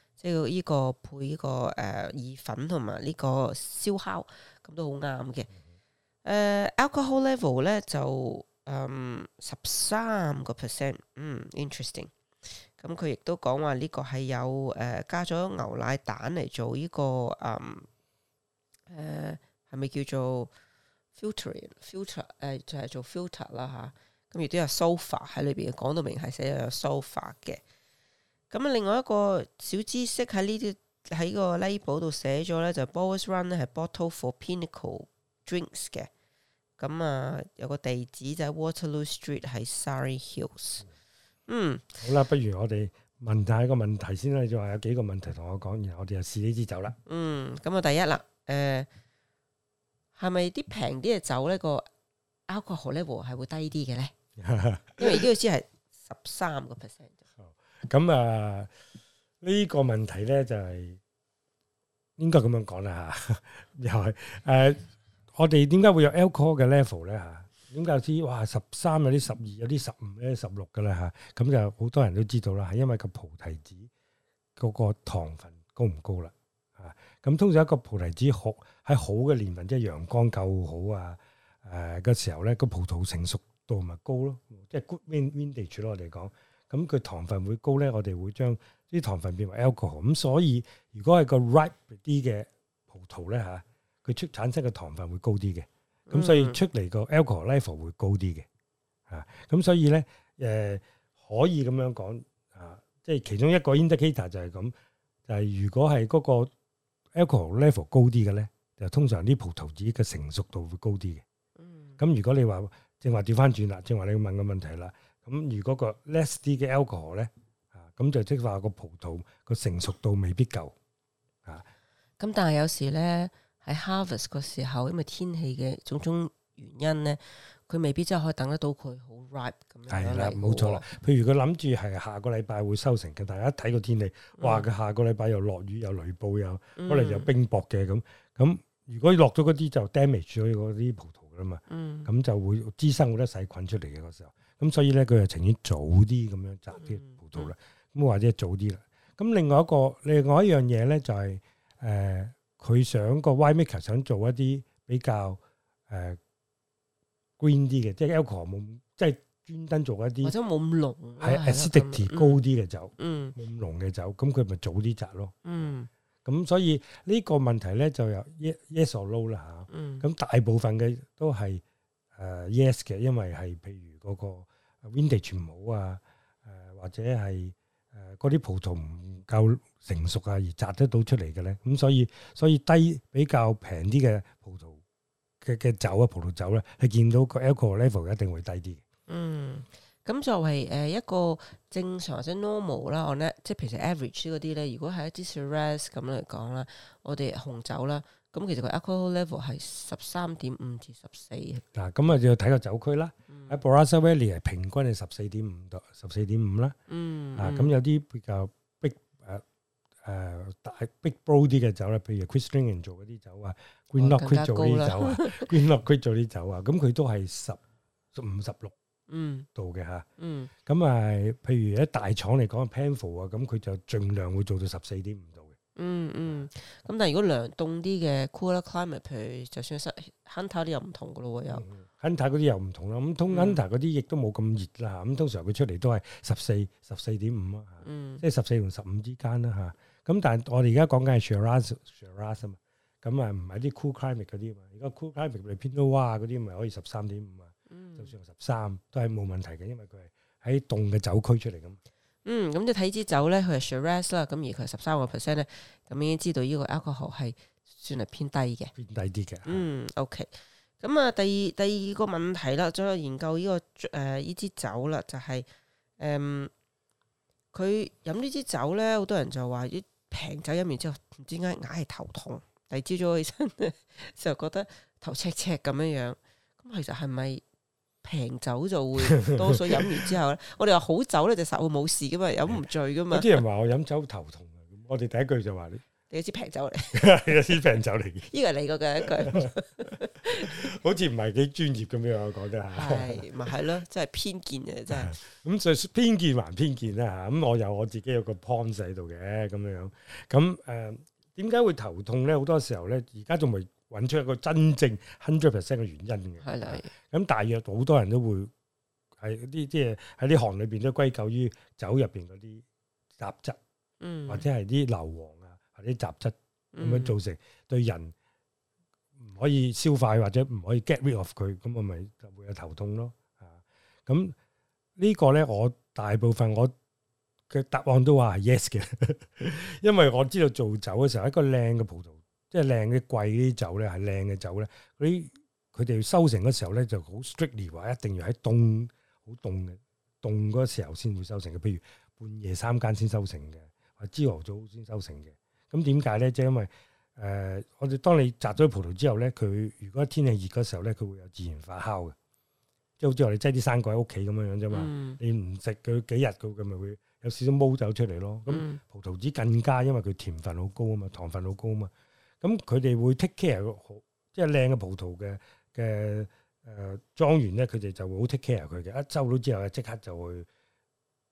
即係呢個配呢、這個誒意、呃、粉同埋呢個燒烤，咁都好啱嘅。誒、呃、alcohol level 咧就誒十三個 percent，嗯、嗯 interesting。咁、嗯、佢亦都講話呢個係有誒、呃、加咗牛奶蛋嚟做呢、這個誒誒係咪叫做 filtering filter 誒、呃、就係、是、做 filter 啦吓，咁亦都有 sulfur 喺裏邊，講到明係寫有 sulfur 嘅。咁另外一個小知識喺呢啲喺個 label 度寫咗咧，就是、Bowler's Run 咧係 bottle for pinnacle drinks 嘅。咁、嗯、啊，有個地址就 Waterloo Street 喺 Surrey Hills。嗯，好啦，不如我哋問大一,一個問題先啦。就話有幾個問題同我講，然後我哋就試呢支酒啦、嗯。嗯，咁、嗯、啊，第一啦，誒、呃，係咪啲平啲嘅酒咧個 alcohol level 係會低啲嘅咧？因為呢個先係十三個 percent。咁啊，呢、這個問題咧就係、是、應該咁樣講啦吓， 又係誒、呃，我哋點解會有 alcohol 嘅 level 咧吓？點解有啲哇十三，有啲十二，有啲十五咧十六嘅啦吓？咁、啊、就好多人都知道啦，係因為個菩提子嗰、那個糖分高唔高啦吓？咁、啊、通常一個菩提子學好喺好嘅年份，即係陽光夠好啊誒嘅時候咧，個葡萄成熟度咪高咯，即係 good vintage 咯，我哋講。咁佢糖分會高咧，我哋會將啲糖分變為 alcohol、嗯。咁所以如果係個 ripe 啲嘅葡萄咧嚇，佢出產生嘅糖分會高啲嘅。咁、嗯、所以出嚟個 alcohol level 會高啲嘅。嚇、啊，咁所以咧誒、呃、可以咁樣講啊，即係其中一個 indicator 就係咁。就係、是、如果係嗰個 alcohol level 高啲嘅咧，就通常啲葡萄子嘅成熟度會高啲嘅、啊。嗯。咁如果你話正話調翻轉啦，正話你要問個問題啦。咁如果個 less 啲嘅 alcohol 咧，啊咁就即係話個葡萄個成熟度未必夠，啊咁但係有時咧喺 harvest 個時候，因為天氣嘅種種原因咧，佢、嗯、未必真係可以等得到佢好 ripe 咁樣泥泥。係啦，冇錯啦。譬如佢諗住係下個禮拜會收成嘅，大家一睇個天氣，哇！佢下個禮拜又落雨又雷暴又可能又冰雹嘅咁咁，嗯、如果落咗嗰啲就 damage 咗啲葡萄。嘛，咁、嗯、就會滋生好多細菌出嚟嘅嗰時候，咁所以咧佢就情願早啲咁樣摘啲葡萄啦，咁、嗯、或者早啲啦。咁另外一個另外一樣嘢咧就係、是、誒，佢、呃、想、那個 winemaker 想做一啲比較誒、呃、green 啲嘅，即係 alcohol 冇即係專登做一啲或者冇咁濃，係 acidity 是、嗯、高啲嘅酒，嗯，冇咁濃嘅酒，咁佢咪早啲摘咯，嗯。咁所以呢個問題咧就有 yes yes or no 啦嚇，咁、嗯、大部分嘅都係誒、呃、yes 嘅，因為係譬如嗰個 windy 全冇啊，誒、呃、或者係誒嗰啲葡萄唔夠成熟啊，而摘得到出嚟嘅咧，咁所以所以低比較平啲嘅葡萄嘅嘅酒啊，葡萄酒咧係見到個 alcohol level 一定會低啲嘅。嗯。咁作為誒一個正常或者 normal 啦，或者即係其實 average 嗰啲咧，如果係一支 reserve 咁嚟講啦，我哋紅酒啦，咁其實個 alcohol level 係十三點五至十四。嗱，咁啊要睇個酒區啦。喺 Barossa Valley 係平均係十四點五到十四點五啦。嗯。啊，咁有啲比較 big 誒誒大 big broad 啲嘅酒咧，譬如 Chrysler 做嗰啲酒啊，Greenock 做啲酒啊，Greenock 做啲酒啊，咁佢都係十五十六。嗯，度嘅吓。嗯，咁啊，譬如喺大廠嚟講啊，Penfolds 啊，咁佢就盡量會做到十四點五度嘅，嗯嗯，咁、啊、但係如果涼凍啲嘅 Cooler Climate，譬如就算 Hunter 啲又唔同嘅咯喎，又 Hunter 嗰啲又唔同啦，咁通 Hunter 嗰啲亦都冇咁熱啦，咁通常佢出嚟都係十四十四點五啊，嗯，即係十四同十五之間啦吓，咁、啊、但係我哋而家講緊係 Shiraz Shiraz 啊嘛，咁啊唔係啲 Cool Climate 嗰啲啊嘛，而家 Cool Climate 譬、啊、如 Pinot Noir 嗰啲咪可以十三點五啊。嗯、就算十三都係冇問題嘅，因為佢係喺凍嘅酒區出嚟咁。嗯，咁就睇支酒咧，佢係 Shiraz 啦，咁而佢係十三個 percent 咧，咁已經知道呢個 alcohol 係算係偏低嘅，偏低啲嘅。嗯，嗯，OK。咁啊，第二第二個問題啦，再研究呢、這個誒呢支酒啦，就係、是、誒，佢、呃、飲呢支酒咧，好多人就話啲平酒飲完之後，唔知點解硬係頭痛，第二朝早起身就覺得頭赤赤咁樣樣。咁其實係咪？平酒就會多數飲完之後咧， 我哋話好酒咧就實會冇事噶嘛，飲唔醉噶嘛。有啲人話我飲酒頭痛啊， 我哋第一句就話你，你支平酒嚟，你支平酒嚟。呢個係你句嘅一句， 好似唔係幾專業咁樣講啫吓。係，咪係咯，真係偏見嘅真係。咁就算偏見還偏見啦吓，咁我有我自己有個 point 喺度嘅，咁樣樣。咁誒，點解會頭痛咧？好多時候咧，而家仲未。揾出一個真正 hundred percent 嘅原因嘅。係啦，咁大約好多人都會喺啲即係喺啲行裏邊都歸咎於酒入邊嗰啲雜質，嗯，或者係啲硫磺啊，或者雜質咁樣造成對人唔可以消化或者唔可以 get rid of 佢，咁我咪就會有頭痛咯，啊，咁呢個咧我大部分我嘅答案都話係 yes 嘅，因為我知道做酒嘅時候係一個靚嘅葡萄，即係靚嘅貴啲酒咧，係靚嘅酒咧。佢佢哋要收成嘅時候咧，就好 strictly 話一定要喺凍，好凍嘅凍嗰時候先會收成嘅。譬如半夜三更先收成嘅，或朝頭早先收成嘅。咁點解咧？即係因為誒、呃，我哋當你摘咗葡萄之後咧，佢如果天氣熱嗰時候咧，佢會有自然發酵嘅。即係好似我哋擠啲生果喺屋企咁樣樣啫嘛。嗯、你唔食佢幾日，佢咁咪會有少少毛走出嚟咯。咁葡萄子更加，因為佢甜分好高啊嘛，糖分好高啊嘛。咁佢哋會 take care 好，即係靚嘅葡萄嘅嘅誒莊園咧，佢哋就會好 take care 佢嘅。一收到之後咧，即刻就會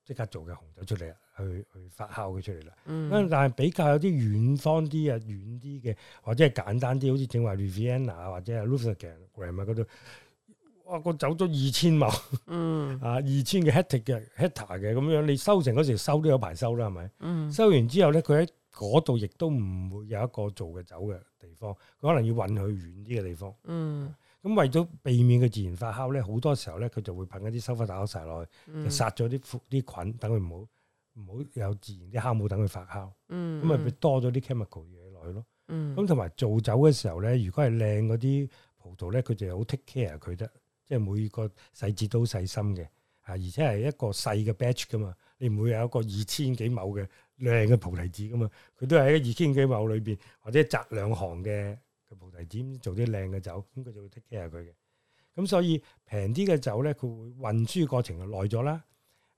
即刻做嘅紅酒出嚟，去去發酵佢出嚟啦。咁、嗯、但係比較有啲遠方啲啊，遠啲嘅或者係簡單啲，好似正話 Riverina 或者係 Lusacan 嗰度，哇！我走咗二千畝，嗯、 啊二千嘅 Hecta 嘅 Hecta 嘅咁樣，你收成嗰時收都有排收啦，係咪？嗯、收完之後咧，佢喺嗰度亦都唔會有一個做嘅酒嘅地方，佢可能要運佢遠啲嘅地方。嗯，咁為咗避免佢自然發酵咧，好多時候咧佢就會噴一啲收縮晒落去，就、嗯、殺咗啲啲菌，等佢唔好唔好有自然啲酵母等佢發酵。嗯，咁咪多咗啲 chemical 嘢落去咯。嗯，咁同埋做酒嘅時候咧，如果係靚嗰啲葡萄咧，佢就好 take care 佢得，即係每個細節都細心嘅。啊，而且係一個細嘅 batch 噶嘛，你唔會有一個二千幾畝嘅。靚嘅菩提子噶嘛，佢都係喺二千幾畝裏邊，或者摘兩行嘅嘅菩提子做啲靚嘅酒，咁佢就會 take care 下佢嘅。咁、嗯、所以平啲嘅酒咧，佢會運輸過程就耐咗啦。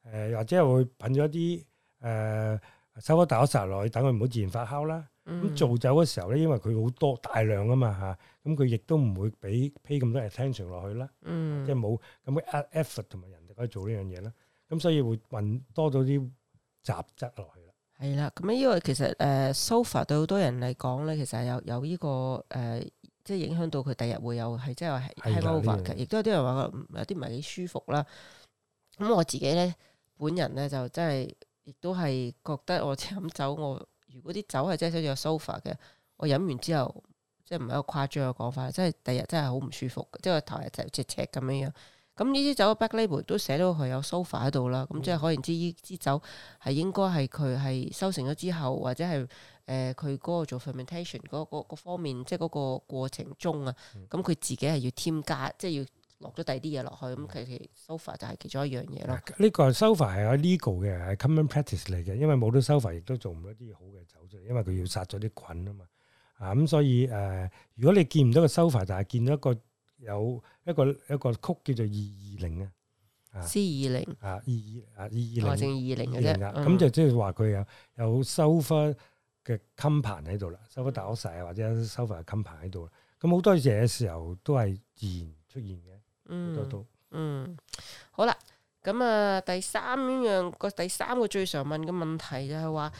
誒、呃，或者會噴咗啲誒收果打落去，等佢唔好自然發酵啦。咁、嗯嗯、做酒嘅時候咧，因為佢好多大量嘛啊嘛嚇，咁佢亦都唔會俾批咁多 attention 落去啦，1, 嗯、即係冇咁嘅 effort 同埋人哋可以做呢樣嘢啦。咁、嗯、所以會運多咗啲雜質落去。係啦，咁咧因為其實誒 sofa，呃、對好多人嚟講咧，其實有有依、這個誒、呃，即係影響到佢第日會有係即係話係 over 嘅，亦都有啲的人話有啲唔係幾舒服啦。咁、嗯、我自己咧本人咧就真係亦都係覺得我飲酒，我如果啲酒係真係需要 sofa 嘅，我飲完之後即係唔係一個誇張嘅講法，即係第日真係好唔舒服，即係頭日就赤赤咁樣樣。咁呢支酒嘅 back label 都寫到佢有 sofa 喺度啦，咁即係可能知呢支酒係應該係佢係收成咗之後，或者係誒佢嗰個做 fermentation 嗰、嗰個各方面，即係嗰個過程中啊，咁佢、嗯、自己係要添加，即係要落咗第二啲嘢落去，咁、嗯、其實 sofa、嗯、就係其中一樣嘢咯。呢、啊這個 sofa 係 legal 嘅，係 common practice 嚟嘅，因為冇咗 sofa 亦都做唔到啲好嘅酒出嚟，因為佢要殺咗啲菌啊嘛。啊咁、嗯，所以誒、呃，如果你見唔到個 sofa，就係見到一個。有一個一個曲叫做二二零啊，C 二零啊，二二啊，二二零，淨二零嘅啫。咁了、嗯、就即係話佢有有收翻嘅襟盤喺度啦，收翻打嗰時啊，hmm. 或者收翻襟盤喺度啦。咁好多嘢嘅時候都係自然出現嘅，好多都嗯。嗯，好啦，咁啊，第三樣個、嗯、第三個最常問嘅問題就係話，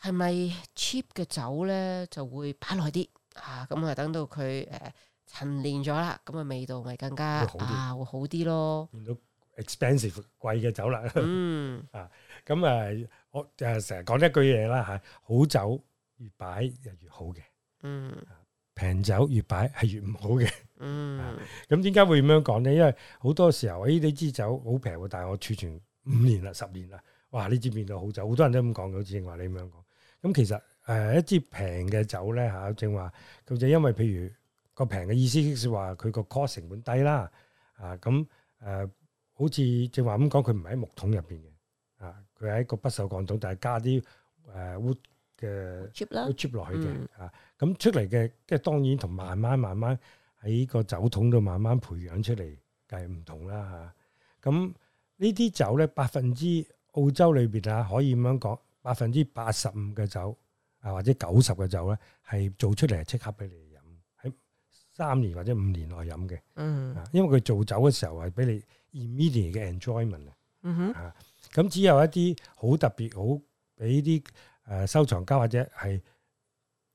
係咪 cheap 嘅酒咧就會擺耐啲啊？咁啊，等到佢誒。嗯文嗯陳年咗啦，咁嘅味道咪更加啊，會好啲咯。變到 expensive 貴嘅酒啦。嗯啊，咁啊，我誒成日講一句嘢啦吓，好酒越擺就越好嘅。嗯，平酒越擺係越唔好嘅。嗯啊，咁點解會咁樣講咧？因為好多時候，咦，呢支酒好平嘅，但係我儲存五年啦、十年啦，哇，呢支變到好酒，好多人都咁講嘅，好似話你咁樣講。咁其實誒一支平嘅酒咧吓，正話咁就因為譬如。個平嘅意思即是話佢個 cost 成本低啦，啊咁誒，好似正話咁講，佢唔係喺木桶入邊嘅，啊，佢係喺個不鏽鋼桶，但係加啲誒 wood 嘅 chip chip 落去嘅，嗯、啊，咁出嚟嘅，即係當然同慢慢慢慢喺個酒桶度慢慢培養出嚟，梗係唔同啦，吓、啊，咁、啊、呢啲酒咧，百分之澳洲裏邊啊，可以咁樣講，百分之八十五嘅酒啊，或者九十嘅酒咧，係做出嚟係即刻俾你。三年或者五年內飲嘅，嗯、哼因為佢做酒嘅時候係俾你 immediate 嘅 enjoyment、嗯、哼啊，咁只有一啲好特別好俾啲誒收藏家或者係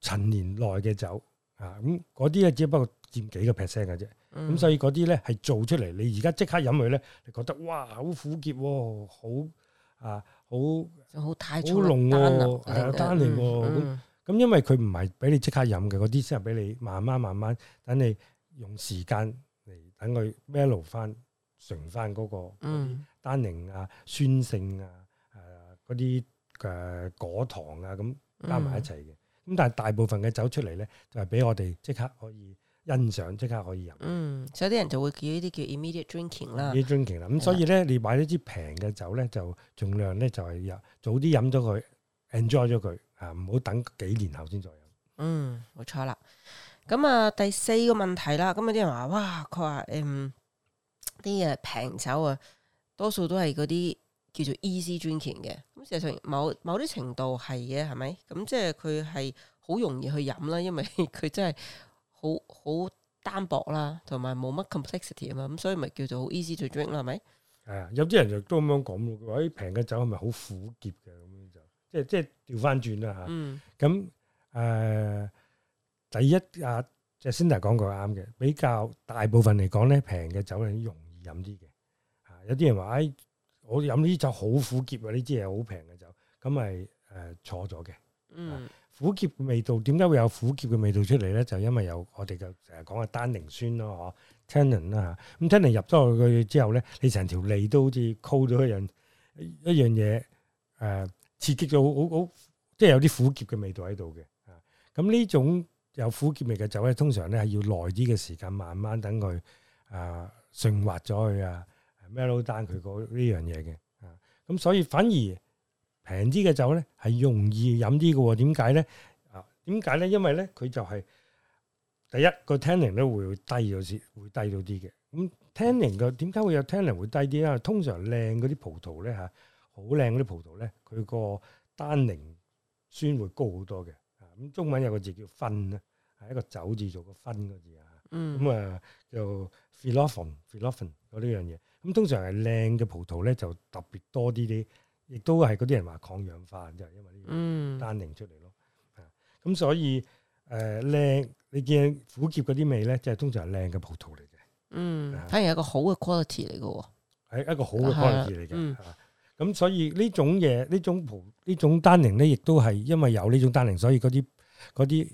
陳年內嘅酒啊，咁嗰啲咧只不過佔幾個 percent 嘅啫，咁、嗯哼啊、所以嗰啲咧係做出嚟，你而家即刻飲佢咧，你覺得哇好苦澀、啊，好啊好，好太粗濃喎、啊，係啊單寧喎。咁因為佢唔係俾你即刻飲嘅，嗰啲先係俾你慢慢慢慢等你用時間嚟等佢 mellow 翻、醇翻嗰個單寧啊、酸性啊、誒嗰啲誒果糖啊咁加埋一齊嘅。咁但係大部分嘅酒出嚟咧，就係俾我哋即刻可以欣賞，即刻可以飲。嗯，所以啲人就會叫呢啲叫 immediate drinking 啦。immediate drinking 啦。咁所以咧，你買一啲平嘅酒咧，就儘量咧就係要早啲飲咗佢，enjoy 咗佢。啊！唔好等幾年後先再飲。嗯，冇錯啦。咁啊，第四個問題啦。咁有啲人話：，哇！佢話，嗯，啲啊平酒啊，多數都係嗰啲叫做 easy drinking 嘅。咁事實上，某某啲程度係嘅，係咪？咁即係佢係好容易去飲啦，因為佢真係好好單薄啦，同埋冇乜 complexity 啊嘛。咁所以咪叫做好 easy to drink 啦，係咪？係啊，有啲人就都咁樣講咯。佢話啲平嘅酒係咪好苦澀嘅？即即調翻轉啦嚇，咁誒、mm. 呃、第一啊 Jacinda 講句啱嘅，比較大部分嚟講咧，平嘅酒係容易飲啲嘅嚇。有啲人話，哎，我飲呢啲酒好苦澀啊！呢支嘢好平嘅酒，咁咪誒錯咗嘅。苦澀嘅味道，點解會有苦澀嘅味道出嚟咧？就因為有我哋就成日講嘅單寧酸咯，嗬 tannin 啦嚇。咁 tannin 入咗去之後咧，你成條脷都好似溝咗一樣一樣嘢誒。刺激到好好，即係、就是、有啲苦澀嘅味道喺度嘅。啊，咁呢種有苦澀味嘅酒咧，通常咧係要耐啲嘅時間，慢慢等佢啊，順滑咗去啊，mellow down 佢個呢樣嘢嘅。啊，咁所以反而平啲嘅酒咧，係容易飲啲嘅。點解咧？啊，點解咧？因為咧，佢就係、是、第一個 tannin 咧會低到啲，會低咗啲嘅。咁 tannin 嘅點解會有 tannin 會低啲咧？通常靚嗰啲葡萄咧嚇。啊好靚嗰啲葡萄咧，佢個單寧酸會高好多嘅。咁、啊、中文有個字叫酚，啊，係一個酒字做個酚嗰字、嗯、啊。咁啊，就 phenolphen，phenolphen 嗰呢樣嘢。咁通常係靚嘅葡萄咧，就特別多啲啲，亦都係嗰啲人話抗氧化就係因為呢單寧出嚟咯。咁、啊啊、所以誒靚、呃，你見苦澀嗰啲味咧，就係通常係靚嘅葡萄嚟嘅。嗯，反而係一個好嘅 quality 嚟嘅喎。係一個好嘅 quality 嚟嘅。嗯。咁所以呢種嘢，呢種葡呢種單寧咧，亦都係因為有呢種單寧，所以嗰啲啲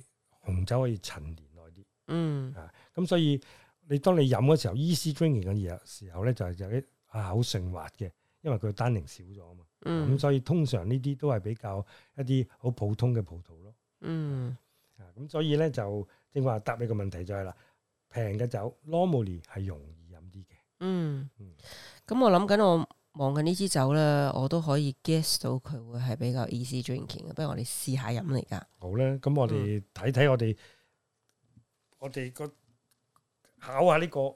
紅酒可以陳年耐啲。嗯，啊，咁所以你當你飲嘅時候、嗯、easy drinking 嘅嘢時候咧，就係就啲啊好順滑嘅，因為佢單寧少咗啊嘛。咁、嗯、所以通常呢啲都係比較一啲好普通嘅葡萄咯。嗯，啊，咁所以咧就正話答你個問題就係、是、啦，平嘅酒 normally 係容易飲啲嘅。嗯，咁我諗緊我。嗯嗯嗯望緊呢支酒咧，我都可以 guess 到佢會係比較 easy drinking，不如我哋試下飲嚟噶。好啦，咁我哋睇睇我哋我哋個考下呢個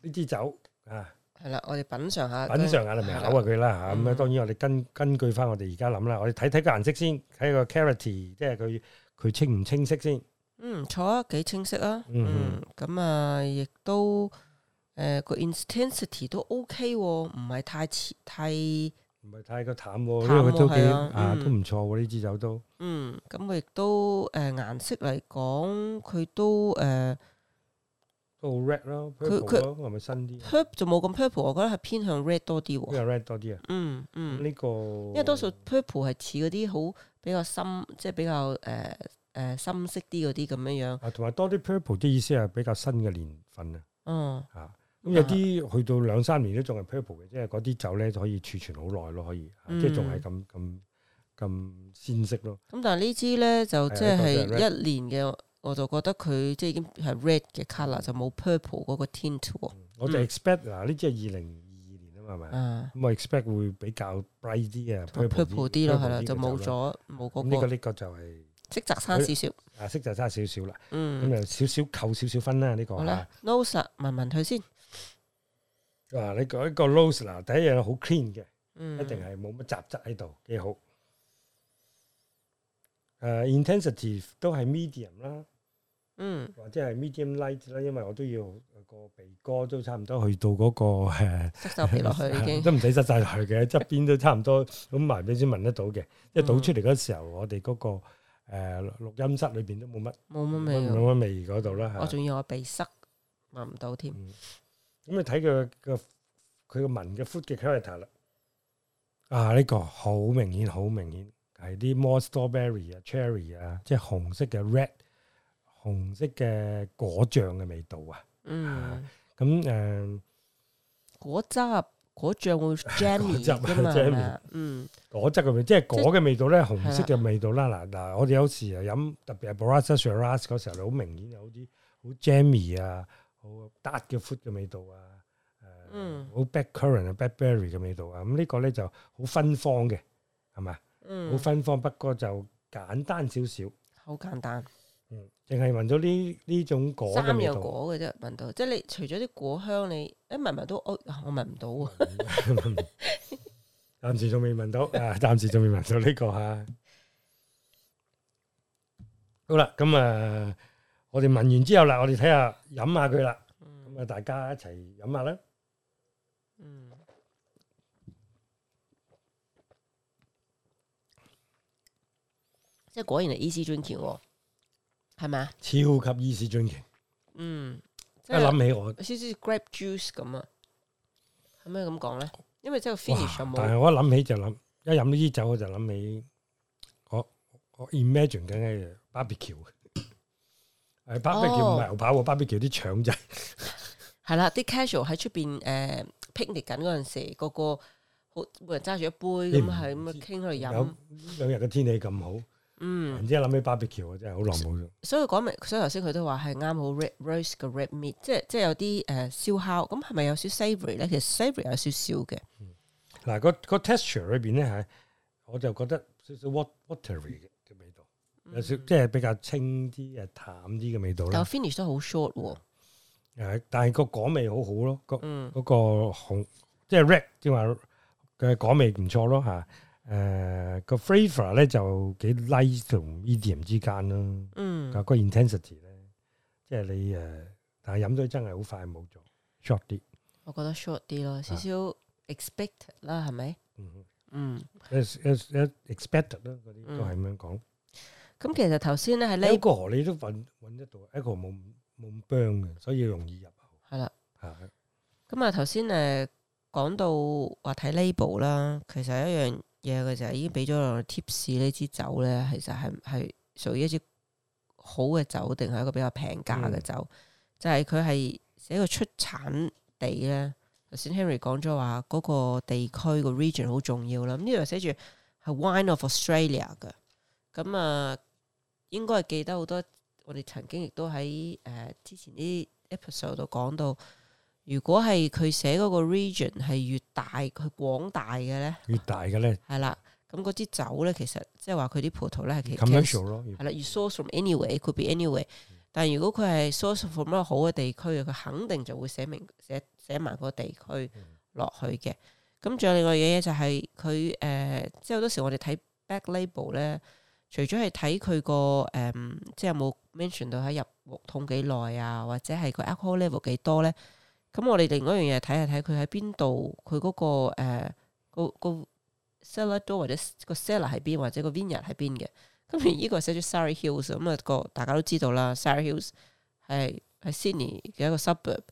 呢支酒啊。係啦，我哋品嘗下，品嘗下你咪考下佢啦吓。咁啊，當然我哋根根據翻我哋而家諗啦，我哋睇睇個顏色先，睇個 clarity，即係佢佢清唔清晰先。嗯，唔錯啊，幾清晰啊。嗯，咁啊，亦都。誒，個 intensity 都 OK，唔係太淺，太唔係太過淡，因為佢都幾啊，都唔錯。呢支酒都嗯，咁佢亦都誒，顏色嚟講，佢都誒都好 red 咯佢，佢，purple 咯，係咪新啲？purple 就冇咁 purple，我覺得係偏向 red 多啲。都係 red 多啲啊？嗯嗯，呢個因為多數 purple 係似嗰啲好比較深，即係比較誒誒深色啲嗰啲咁樣樣。啊，同埋多啲 purple 啲意思係比較新嘅年份啊。嗯啊。咁有啲去到兩三年都仲係 purple 嘅，即係嗰啲酒咧就可以儲存好耐咯，可以，即係仲係咁咁咁鮮色咯。咁但係呢支咧就即係一年嘅，我就覺得佢即係已經係 red 嘅 color 就冇 purple 嗰個 tint。我就 expect 嗱呢支係二零二二年啊嘛，係咪？咁我 expect 會比較 bright 啲嘅 purple 啲咯，係啦，就冇咗冇嗰個。呢個呢個就係色澤差少少，啊，色澤差少少啦。咁就少少扣少少分啦，呢個啊。好啦，Nosa 問問佢先。嗱，你講一個 lose 嗱，第一樣好 clean 嘅，一定係冇乜雜質喺度，幾好。誒 intensity 都係 medium 啦，嗯，或者係 medium light 啦，因為我都要個鼻哥都差唔多去到嗰個誒，塞曬落去已經，都唔使塞曬落去嘅側邊都差唔多掩埋先聞得到嘅，即係倒出嚟嗰時候，我哋嗰個誒錄音室裏邊都冇乜，冇乜味，冇乜味嗰度啦。我仲要我鼻塞聞唔到添。咁你睇佢個佢個紋嘅 foot 嘅 character 啦，啊呢個好明顯，好明顯係啲 more strawberry 啊、cherry 啊，即係紅色嘅 red，紅色嘅果醬嘅味道啊。嗯。咁誒，果汁果醬會 jammy 噶嘛？嗯。果汁嘅 汁 味，即係果嘅味道咧，紅色嘅味道啦。嗱嗱，我哋有時啊飲，特別係 Barossa Shiraz 嗰時候，好明顯有啲好 jammy 啊。好 dark 嘅 fruit 嘅味道啊，誒，好 blackcurrant 啊，blackberry 嘅味道啊，咁呢個咧就好芬芳嘅，係嘛，嗯，好芬芳，不過就簡單少少，好簡單，嗯，淨係聞到呢呢種果嘅味道，果嘅啫，聞到，即係你除咗啲果香，你誒聞唔聞到？我聞唔到啊，暫時仲未聞到，啊，暫時仲未聞到呢個吓，好啦，咁啊。我哋聞完之後啦，我哋睇下飲下佢啦。咁啊，大家一齊飲下啦，嗯。嗯，即係果然係 easy drinking，係嘛？超級 easy drinking。嗯，即是一諗起我，有少少 grape juice 咁啊，可唔可以咁講咧？因為即係 finish 嘩有冇？但係我一諗起就諗，一飲呢啲酒我就諗起，我我 imagine 緊係 barbecue。誒，barbecue 唔係牛扒喎，barbecue 啲腸仔係啦，啲 casual 喺出邊誒，picnic 緊嗰陣時，個個好每人揸住一杯咁，係咁啊傾喺度飲。兩日嘅天氣咁好，嗯，唔知諗起 barbecue 啊，真係好浪漫。所以講明，所以頭先佢都話係啱好 red roast 嘅 red meat，即係即係有啲誒燒烤，咁係咪有少 savory 咧？其實 savory 有少少嘅。嗱，個個 texture 裏邊咧，係我就覺得少少 watery 嘅。有少、嗯、即係比較清啲、誒淡啲嘅味道啦、哦嗯。但係 finish 都好 short 誒，但係個果味好好咯，個嗰、嗯、個紅即係 red 即係話嘅果味唔錯咯吓。誒、呃，這個 flavor 咧就幾 nice 同 medium 之間咯。嗯。個 intensity 咧，即係你誒、呃，但係飲咗真係好快冇咗，short 啲。我覺得 short 啲咯，少少 expect 啦，係咪、啊？吧嗯。expect 啦、嗯，嗰啲都係咁樣講。嗯嗯咁其實頭先咧喺呢一個河你都揾揾得到，Echo 冇冇咁鋒嘅，burn，所以容易入口。係啦的，係的。咁啊頭先誒講到話睇 label 啦，其實一樣嘢嘅就係已經俾咗我 tips 呢支酒咧，其實係係屬於一支好嘅酒，定係一個比較平價嘅酒？嗯、就係佢係寫個出產地咧。頭先 Henry 講咗話嗰個地區個 region 好重要啦。咁呢度寫住 Wine of Australia 嘅，咁啊。應該係記得好多，我哋曾經亦都喺誒、呃、之前啲 episode 度講到，如果係佢寫嗰個 region 係越大佢廣大嘅咧，越大嘅咧，係啦，咁嗰支酒咧，其實即係話佢啲葡萄咧係 commercial 咯，係啦 In commercial, 實，source from anyway could be anyway，但如果佢係 source from 一個好嘅地區，佢肯定就會寫明寫寫埋個地區落去嘅。咁再、嗯、另外嘢就係佢誒，即係好多時我哋睇 back label 咧。除咗係睇佢個誒，即係有冇 mention 到喺入木桶幾耐啊，或者係、啊那個 alcohol level 幾多咧？咁我哋另外一樣嘢睇下，睇佢喺邊度，佢嗰、那個誒、那個、那個、那個那個、cellar door 或者、那個 cellar 喺邊，或者個 vineyard 喺邊嘅。咁而呢個寫住 Surry Hills 咁、那、啊、個，那個大家都知道啦 Surry Hills 係喺 Sydney 嘅一個 suburb，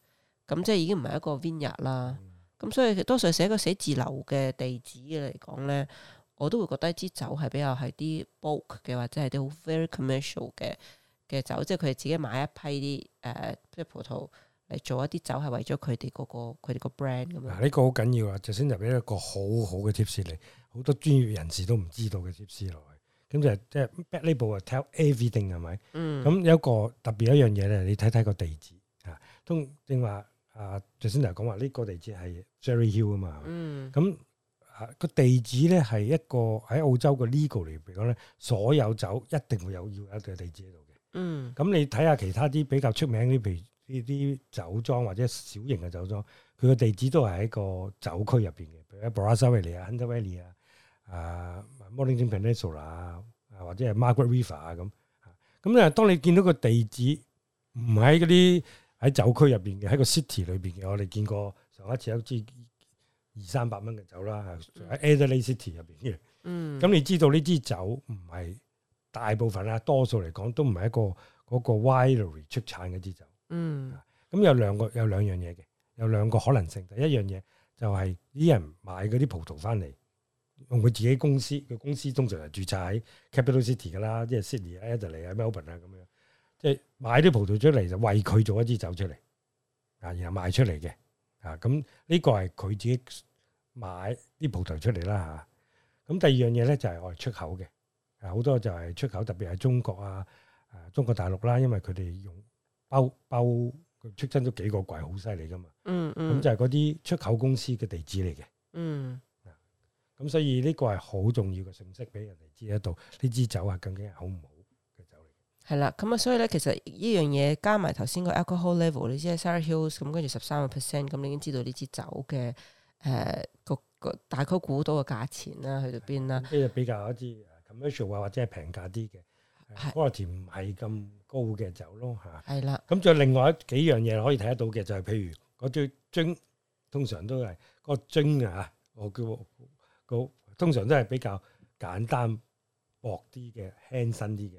咁即係已經唔係一個 vineyard 啦。咁所以多數寫個寫字樓嘅地址嘅嚟講咧。 我都會覺得支酒係比較係啲 book 嘅，或者係啲好 very commercial 嘅嘅酒，即係佢哋自己買一批啲誒即係葡萄嚟做一啲酒，係為咗佢哋嗰個佢哋個 brand 咁啊！呢個好緊要啊！首先俾一個好好嘅 tips 嚟，好多專業人士都唔知道嘅 tips 嚟，咁就即係 back label 啊，tell everything 係咪？嗯，咁有一個特別有一樣嘢咧，你睇睇個地址啊，通正話啊，頭先就講話呢個地址係 Jerry Hill 啊嘛，嗯，咁。個地址咧係一個喺澳洲嘅 legal 嚟，譬如講咧，所有酒一定會有要一地地址喺度嘅。嗯，咁你睇下其他啲比較出名啲，譬如呢啲酒莊或者小型嘅酒莊，佢嘅地址都係喺個酒區入邊嘅，譬如喺 Barossa Valley 啊、Hunter Valley 啊、啊、啊、啊 Mornington Peninsula 啊，或者係 Margaret River 啊咁。咁啊，啊，當你見到個地址唔喺嗰啲喺酒區入邊嘅，喺個 city 裏邊嘅，我哋見過上一次有支。二三百蚊嘅酒啦，喺 Adelaide City 入邊嘅。嗯，咁你知道呢支酒唔係大部分啦，多數嚟講都唔係一個嗰、嗰個 Winery 出產嘅支酒。嗯，咁有兩個有兩樣嘢嘅，有兩個可能性。第一樣嘢就係啲人買嗰啲葡萄翻嚟，用佢自己公司，佢公司通常係註冊喺 Capital City 噶啦，即係 Sydney Ad、Adelaide 啊、Melbourne 啊咁樣，即係買啲葡萄出嚟就為佢做一支酒出嚟，啊，然後賣出嚟嘅。啊，咁、這、呢個係佢自己買啲葡萄出嚟啦，吓、啊。咁第二樣嘢咧就係我哋出口嘅，啊好多就係出口，特別係中國啊，誒、啊、中國大陸啦、啊，因為佢哋用包包，包出真咗幾個櫃，好犀利噶嘛。嗯嗯。咁、嗯啊、就係嗰啲出口公司嘅地址嚟嘅。嗯。咁、啊、所以呢個係好重要嘅信息俾人哋知喺度，呢支酒係究竟係好唔好？係啦，咁啊，所以咧，其實呢樣嘢，加埋頭先個 alcohol level 你知係 Sarah Hills 咁，跟住十三個 percent，咁你已經知道呢支酒嘅、誒、呃、個個大概估到個價錢啦、啊，去到邊啦、啊？即係比較一啲 commercial 啊，或者係平價啲嘅 quality 唔係咁高嘅酒咯，吓的。係啦。咁仲有另外一幾樣嘢，可以睇得到嘅，就係、是、譬如嗰啲樽，通常都係、那個樽啊，我叫我、那個通常都係比較簡單薄啲嘅、輕身啲嘅。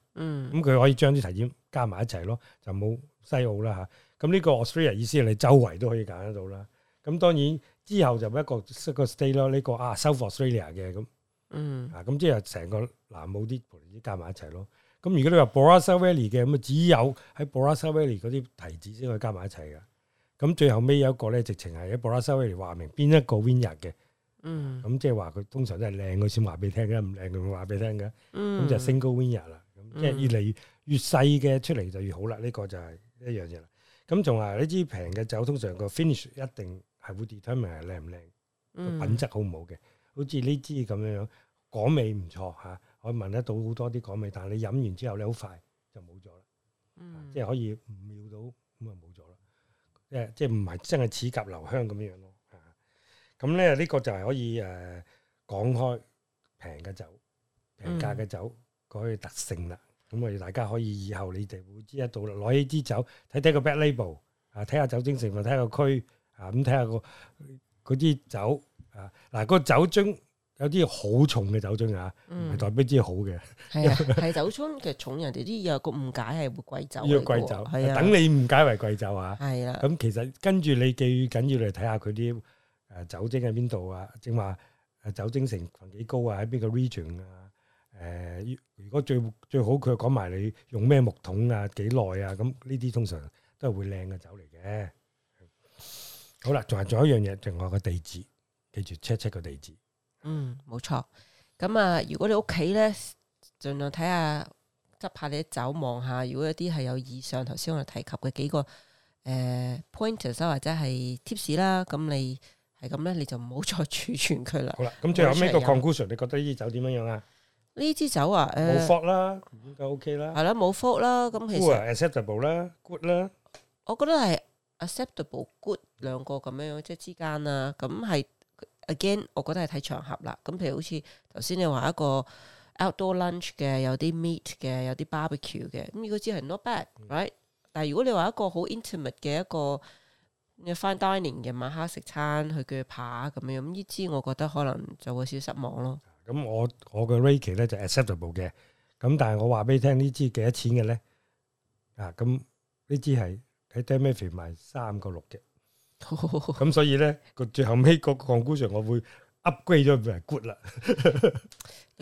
嗯，咁佢可以將啲提子加埋一齊咯，就冇西澳啦嚇。咁呢個 Australia 意思係你周圍都可以揀得到啦。咁當然之後就一個一個 state 咯，呢個啊 South Australia 嘅咁，嗯啊咁即係成個南澳啲葡提子加埋一齊咯。咁如果你話 Barossa Valley 嘅咁啊，只有喺 Barossa Valley 嗰啲提子先可以加埋一齊嘅。咁最後尾有一個咧，直情係喺 Barossa Valley 話明邊一個 vineyard 嘅，嗯，咁即係話佢通常都係靚佢先話俾你聽嘅，唔靚佢唔話俾你聽嘅，咁就 single vineyard 啦。嗯、即係越嚟越細嘅出嚟就越好啦，呢、這個就係一樣嘢啦。咁仲話呢支平嘅酒，通常個 finish 一定係會 determine 係靚唔靚，嗯、品質好唔好嘅。好似呢支咁樣樣，果味唔錯吓，我聞得到好多啲果味，但係你飲完之後你好快就冇咗啦。即係可以唔要到，咁啊冇咗啦。即係即係唔係真係齒頰留香咁樣樣咯。吓、啊，咁咧呢、這個就係可以誒講、呃、開平嘅酒，平價嘅酒。嗯佢嘅特性啦，咁我哋大家可以以後你哋會知得到，攞起支酒睇睇個 back label 啊，睇下酒精成分，睇下個區啊，咁睇下個嗰啲酒啊，嗱，個酒樽有啲好重嘅酒樽啊，唔係代表啲好嘅。係啊，係酒樽其實重，人哋啲有個誤解係活貴酒。呢個貴酒係啊，等你誤解為貴酒啊。係啊，咁其實跟住你最緊要嚟睇下佢啲誒酒精喺邊度啊，正話酒精成分幾高啊，喺邊個 region 啊？誒、呃，如果最最好佢講埋你用咩木桶啊，幾耐啊，咁呢啲通常都係會靚嘅酒嚟嘅。好啦，仲仲有一樣嘢，仲有個地址，記住 check check 個地址。嗯，冇錯。咁啊，如果你屋企咧，盡量睇下執下你啲酒，望下。如果有一啲係有以上頭先我哋提及嘅幾個誒 pointers、呃嗯、或者係 tips 啦，咁你係咁咧，你就唔好再儲存佢啦。好啦，咁、嗯、最後尾個 conclusion？你覺得呢啲酒點樣樣啊？呢支酒啊，冇、呃、fault 啦，應該 OK 啦。係啦，冇 fault 啦，咁、嗯、其實 acceptable 啦，good 啦。我覺得係 acceptable good 兩個咁樣樣，即係之間啊。咁係 again，我覺得係睇場合啦。咁譬如好似頭先你話一個 outdoor lunch 嘅，有啲 meat 嘅，有啲 barbecue 嘅，咁如果只係 not bad，right？、嗯、但係如果你話一個好 intimate 嘅一個 fine dining 嘅晚黑食餐去鋸扒咁樣，咁呢支我覺得可能就會少失望咯。咁我我嘅 rate 咧就 acceptable 嘅，咁但係我話俾你聽呢支幾多錢嘅咧，啊咁呢支係喺 Dan Murphy's 賣三個六嘅，咁所以咧個最後尾個 conclusion 我會 upgrade 咗佢係 good 啦。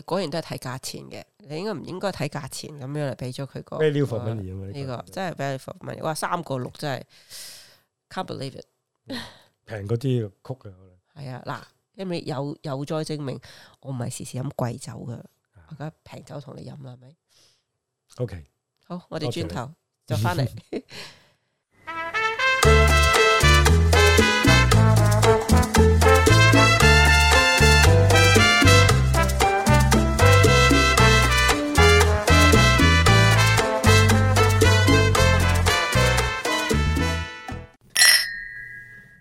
果然都係睇價錢嘅，你應該唔應該睇價錢咁樣嚟俾咗佢個。Very valuable 呢個真係 very valuable，哇三個六真係，can't believe it。平嗰啲曲啊，係啊嗱。咁咪又又再證明我唔係時時飲貴酒嘅，我而家平酒同你飲啦，係咪？OK，好，我哋轉頭就翻嚟。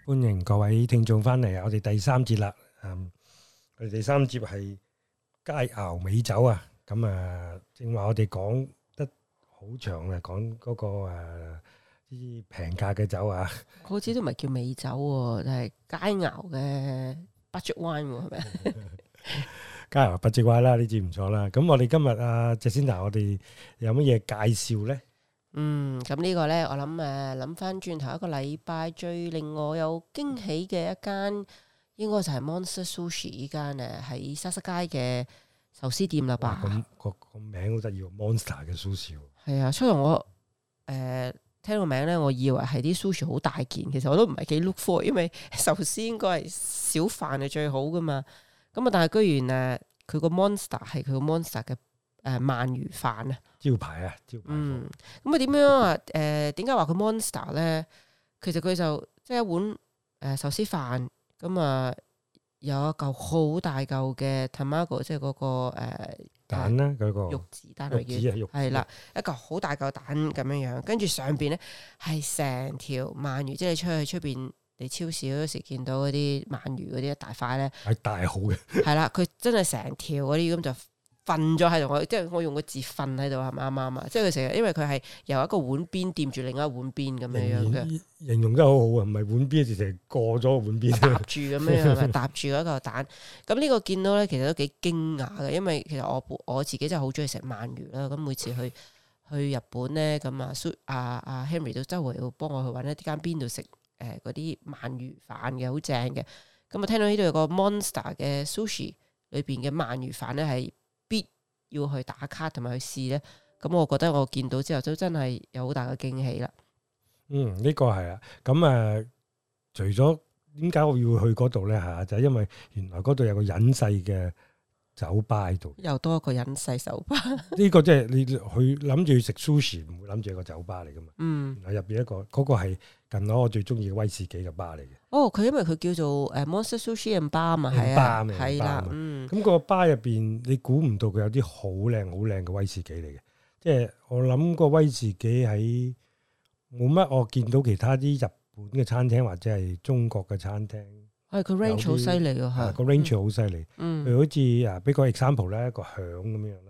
歡迎各位聽眾翻嚟，我哋第三節啦。嗯，我哋第三節係佳餚美酒啊，咁啊，正話我哋講得好長嘅，講嗰個誒啲平價嘅酒啊，好似都唔係叫美酒喎，就係佳餚嘅 budget wine 係咪？佳餚 budget wine 啦，呢節唔錯啦。咁我哋今日啊，謝先達，我哋有乜嘢介紹咧？嗯，咁呢個咧，我諗誒諗翻轉頭一個禮拜最令我有驚喜嘅一間。應該就係 Monster Sushi 呢間誒喺沙塞街嘅壽司店啦吧。個個名好得意，Monster 嘅 s s u 壽司。係啊，出嚟我誒、呃、聽到名咧，我以為係啲 Sushi 好大件，其實我都唔係幾 look for，因為壽司應該係小飯係最好噶嘛。咁啊，但係居然誒佢、呃、個 Monster 係佢個 Monster 嘅誒鰻、呃、魚飯啊招牌啊招牌。嗯，咁啊點樣啊？誒、 呃，點解話佢 Monster 咧？其實佢就即係一碗誒、呃、壽司飯。咁啊、嗯，有一嚿好大嚿嘅 tamago，即係嗰、嗰個蛋啦，嗰個玉子蛋嚟嘅，係啦，一嚿好大嚿蛋咁樣樣，跟住上邊咧係成條鰻魚，即係你出去出邊，你超市嗰時見到嗰啲鰻魚嗰啲一大塊咧，係大好嘅，係 啦，佢真係成條嗰啲咁就。瞓咗喺度，我即係我用個字瞓喺度係啱啱啊！即係佢成日，因為佢係由一個碗邊掂住另一碗邊咁然樣樣嘅，形容真係好好啊！唔係碗邊，直情過咗個碗邊，搭住咁樣樣啊！嗯、 搭住嗰個蛋。咁、嗯、呢、這個見到咧，其實都幾驚訝嘅，因為其實我我自己真係好中意食鰻魚啦。咁每次去去日本咧，咁啊阿阿、啊啊啊啊、Henry 都周圍要幫我去揾一啲間邊度食誒嗰啲鰻魚飯嘅，好正嘅。咁、嗯、啊，聽到呢度有個 Monster 嘅 Sushi 裏邊嘅鰻魚飯咧係。要去打卡同埋去試咧，咁我覺得我見到之後都真係有好大嘅驚喜啦。嗯，呢、這個係啊，咁誒，除咗點解我要去嗰度咧嚇，就係、是、因為原來嗰度有個隱世嘅酒吧喺度，又多一個隱世酒吧。呢 個即係你去諗住食 sushi，唔會諗住一個酒吧嚟噶嘛。嗯，原來入邊一個嗰、那個係。近攞我最中意嘅威士忌嘅巴嚟嘅，哦，佢因為佢叫做誒 Monster Sushi and Bar 啊嘛，係啊，係、嗯、啦，咁、嗯那個巴入邊你估唔到佢有啲好靚好靚嘅威士忌嚟嘅，即係我諗個威士忌喺冇乜，我見到其他啲日本嘅餐廳或者係中國嘅餐廳，係佢 range 好犀利㗎嚇，個 range 好犀利，嗯，譬如好似啊，俾個 example 咧，一個響咁樣。嗯嗯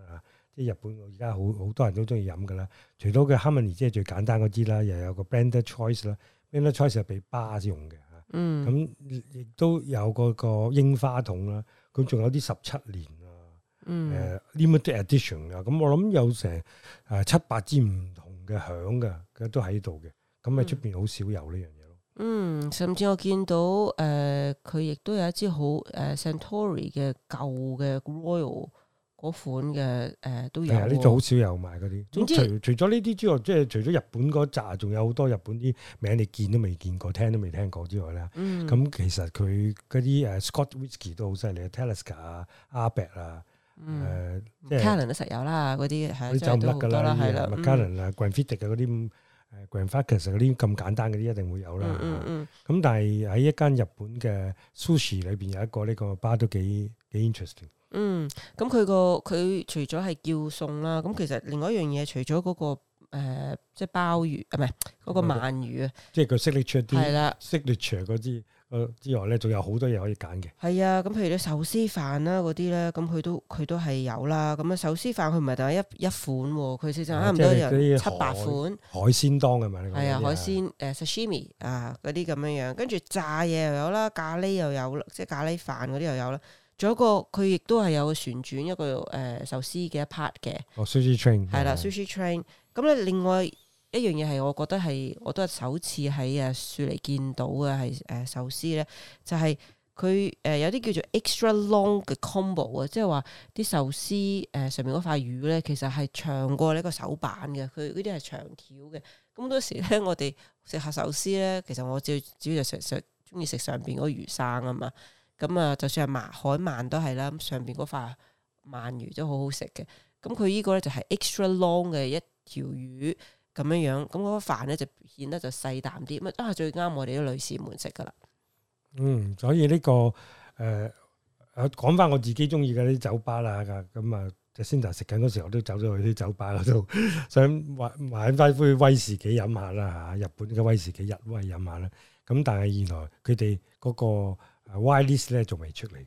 即係日本，而家好好多人都中意飲噶啦。除咗個 Harmony，即係最簡單嗰支啦，又有個 Blender Choice 啦，Blender Choice 係俾 bars 用嘅嚇。咁亦都有嗰個，個櫻花桶啦。咁仲有啲十七年啊，誒、嗯呃、Limited Edition 啊。咁、嗯嗯、我諗有成誒、呃、七八支唔同嘅響嘅，佢都喺度嘅。咁喺出邊好少有呢樣嘢咯。嗯，甚至我見到誒，佢、呃、亦都有一支好誒、呃、Suntory 嘅舊嘅 Royal。嗰款嘅誒都有，係啊！呢度好少有買嗰啲。除除咗呢啲之外，即係除咗日本嗰扎，仲有好多日本啲名，你見都未見過，聽都未聽過之外啦。咁其實佢嗰啲誒 Scott Whisky 都好犀利 Talisker 啊、Ardbeg 啊、誒，Macallan 實有啦，嗰啲係走唔甩㗎啦，係啦 Macallan 啊、Glenfiddich 嘅嗰啲誒 Glenfarclas 嗰啲咁簡單嘅啲一定會有啦。咁但係喺一間日本嘅 Sushi 裏邊有一個呢個吧都幾幾 interesting。嗯，咁佢、個佢除咗係叫餸啦，咁其實另外一樣嘢、嗰個，除咗嗰個即係鮑魚啊，唔係嗰個鰻魚啊，即係佢色力出啲，係啦，出嗰啲之外咧，仲有好多嘢可以揀嘅。係啊，咁譬如啲壽司飯啦嗰啲咧，咁佢都佢都係有啦。咁啊，壽司飯佢唔係就係一一款喎，佢事實差唔多有七八款海鮮當，係咪？係啊，海鮮誒、uh, sashimi 啊嗰啲咁樣樣，跟住炸嘢又有啦，咖喱又有啦，即係咖喱飯嗰啲又有啦。仲有個佢亦都係有旋轉一個誒壽司嘅一 part 嘅，哦、呃，壽司、哦、train 係啦的，壽司的 train 咁咧。另外一樣嘢係，我覺得係我都係首次喺啊樹嚟見到嘅係誒壽司咧，就係佢誒有啲叫做 extra long 嘅 combo 啊，即係話啲壽司誒、呃、上面嗰塊魚咧，其實係長過呢個手板嘅，佢呢啲係長條嘅。咁多時咧，我哋食下壽司咧，其實我最主要就食食中意食上邊嗰魚生啊嘛。咁、那個、啊，就算係麻海鰻都係啦，上邊嗰塊鰻魚都好好食嘅。咁佢依個咧就係 extra long 嘅一條魚咁樣樣，咁嗰個飯咧就顯得就細淡啲，咁啊最啱我哋啲女士們食噶啦。嗯，所以呢、這個誒，講、呃、翻我自己中意嘅啲酒吧啦，咁啊就先頭食緊嗰時候我都走咗去啲酒吧嗰度，想買買翻杯威士忌飲下啦吓，日本嘅威士忌日威飲下啦。咁但係原來佢哋嗰個。Ylist 咧仲未出嚟？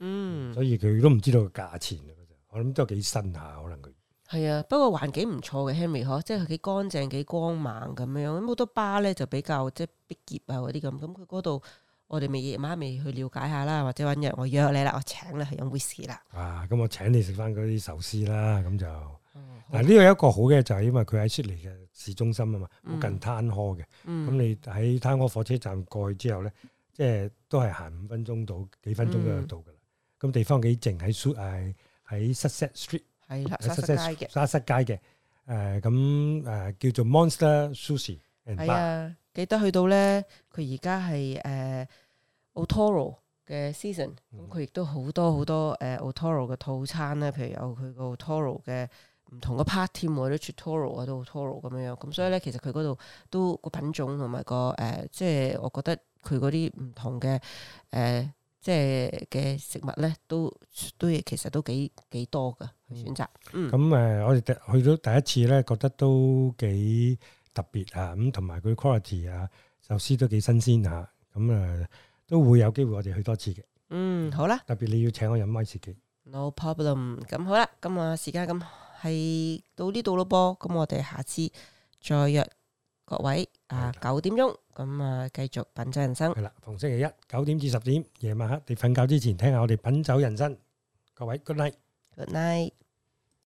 嗯，所以佢都唔知道個價錢啊！我諗都幾新下，可能佢係啊。不過環境唔錯嘅，Henry 嗬，即係佢幾乾淨、幾光猛咁樣。咁好多巴咧就比較即係逼結啊嗰啲咁。咁佢嗰度我哋未夜晚未去了解下啦，或者揾日我約你啦，我請你飲 whisky 啦。啊，咁我請你食翻嗰啲壽司啦。咁就嗱，呢、嗯啊呢個有一個好嘅就係因為佢喺悉尼嘅市中心啊嘛，好近 Town Hall 嘅。咁、嗯嗯、你喺 Town Hall 火車站過去之後咧。即係都係行五分鐘到，幾分鐘都有到噶啦。咁、嗯、地方幾靜，喺蘇誒喺沙塞街，嘅，沙塞街嘅。誒咁誒叫做 Monster Sushi。係啊，記得去到咧，佢而家係誒 Otoro 嘅 Season，咁佢亦都好多好多誒 Otoro 嘅套餐咧，譬如有佢個 Otoro 嘅唔同嘅 part 添，或者 Otoro 啊，都 Otoro 咁樣樣。咁所以咧，其實佢嗰度都個品種同埋、個誒，即、呃、係、呃就是、我覺得。佢嗰啲唔同嘅，誒，即係嘅食物咧，都都其實都幾幾多噶選擇。咁誒，我哋去到第一次咧，覺得都幾特別啊！咁同埋佢 quality 啊，壽司都幾新鮮啊！咁啊，都會有機會我哋去多次嘅。嗯，好啦，特別你要請我飲威士忌。No problem。咁好啦，今日時間咁係到呢度咯噃。咁我哋下次再約各位。啊，九點鐘咁啊，繼續品酒人生。係啦，逢星期一九點至十點，夜晚黑你瞓覺之前聽下我哋品酒人生。各位 Good night。Good night。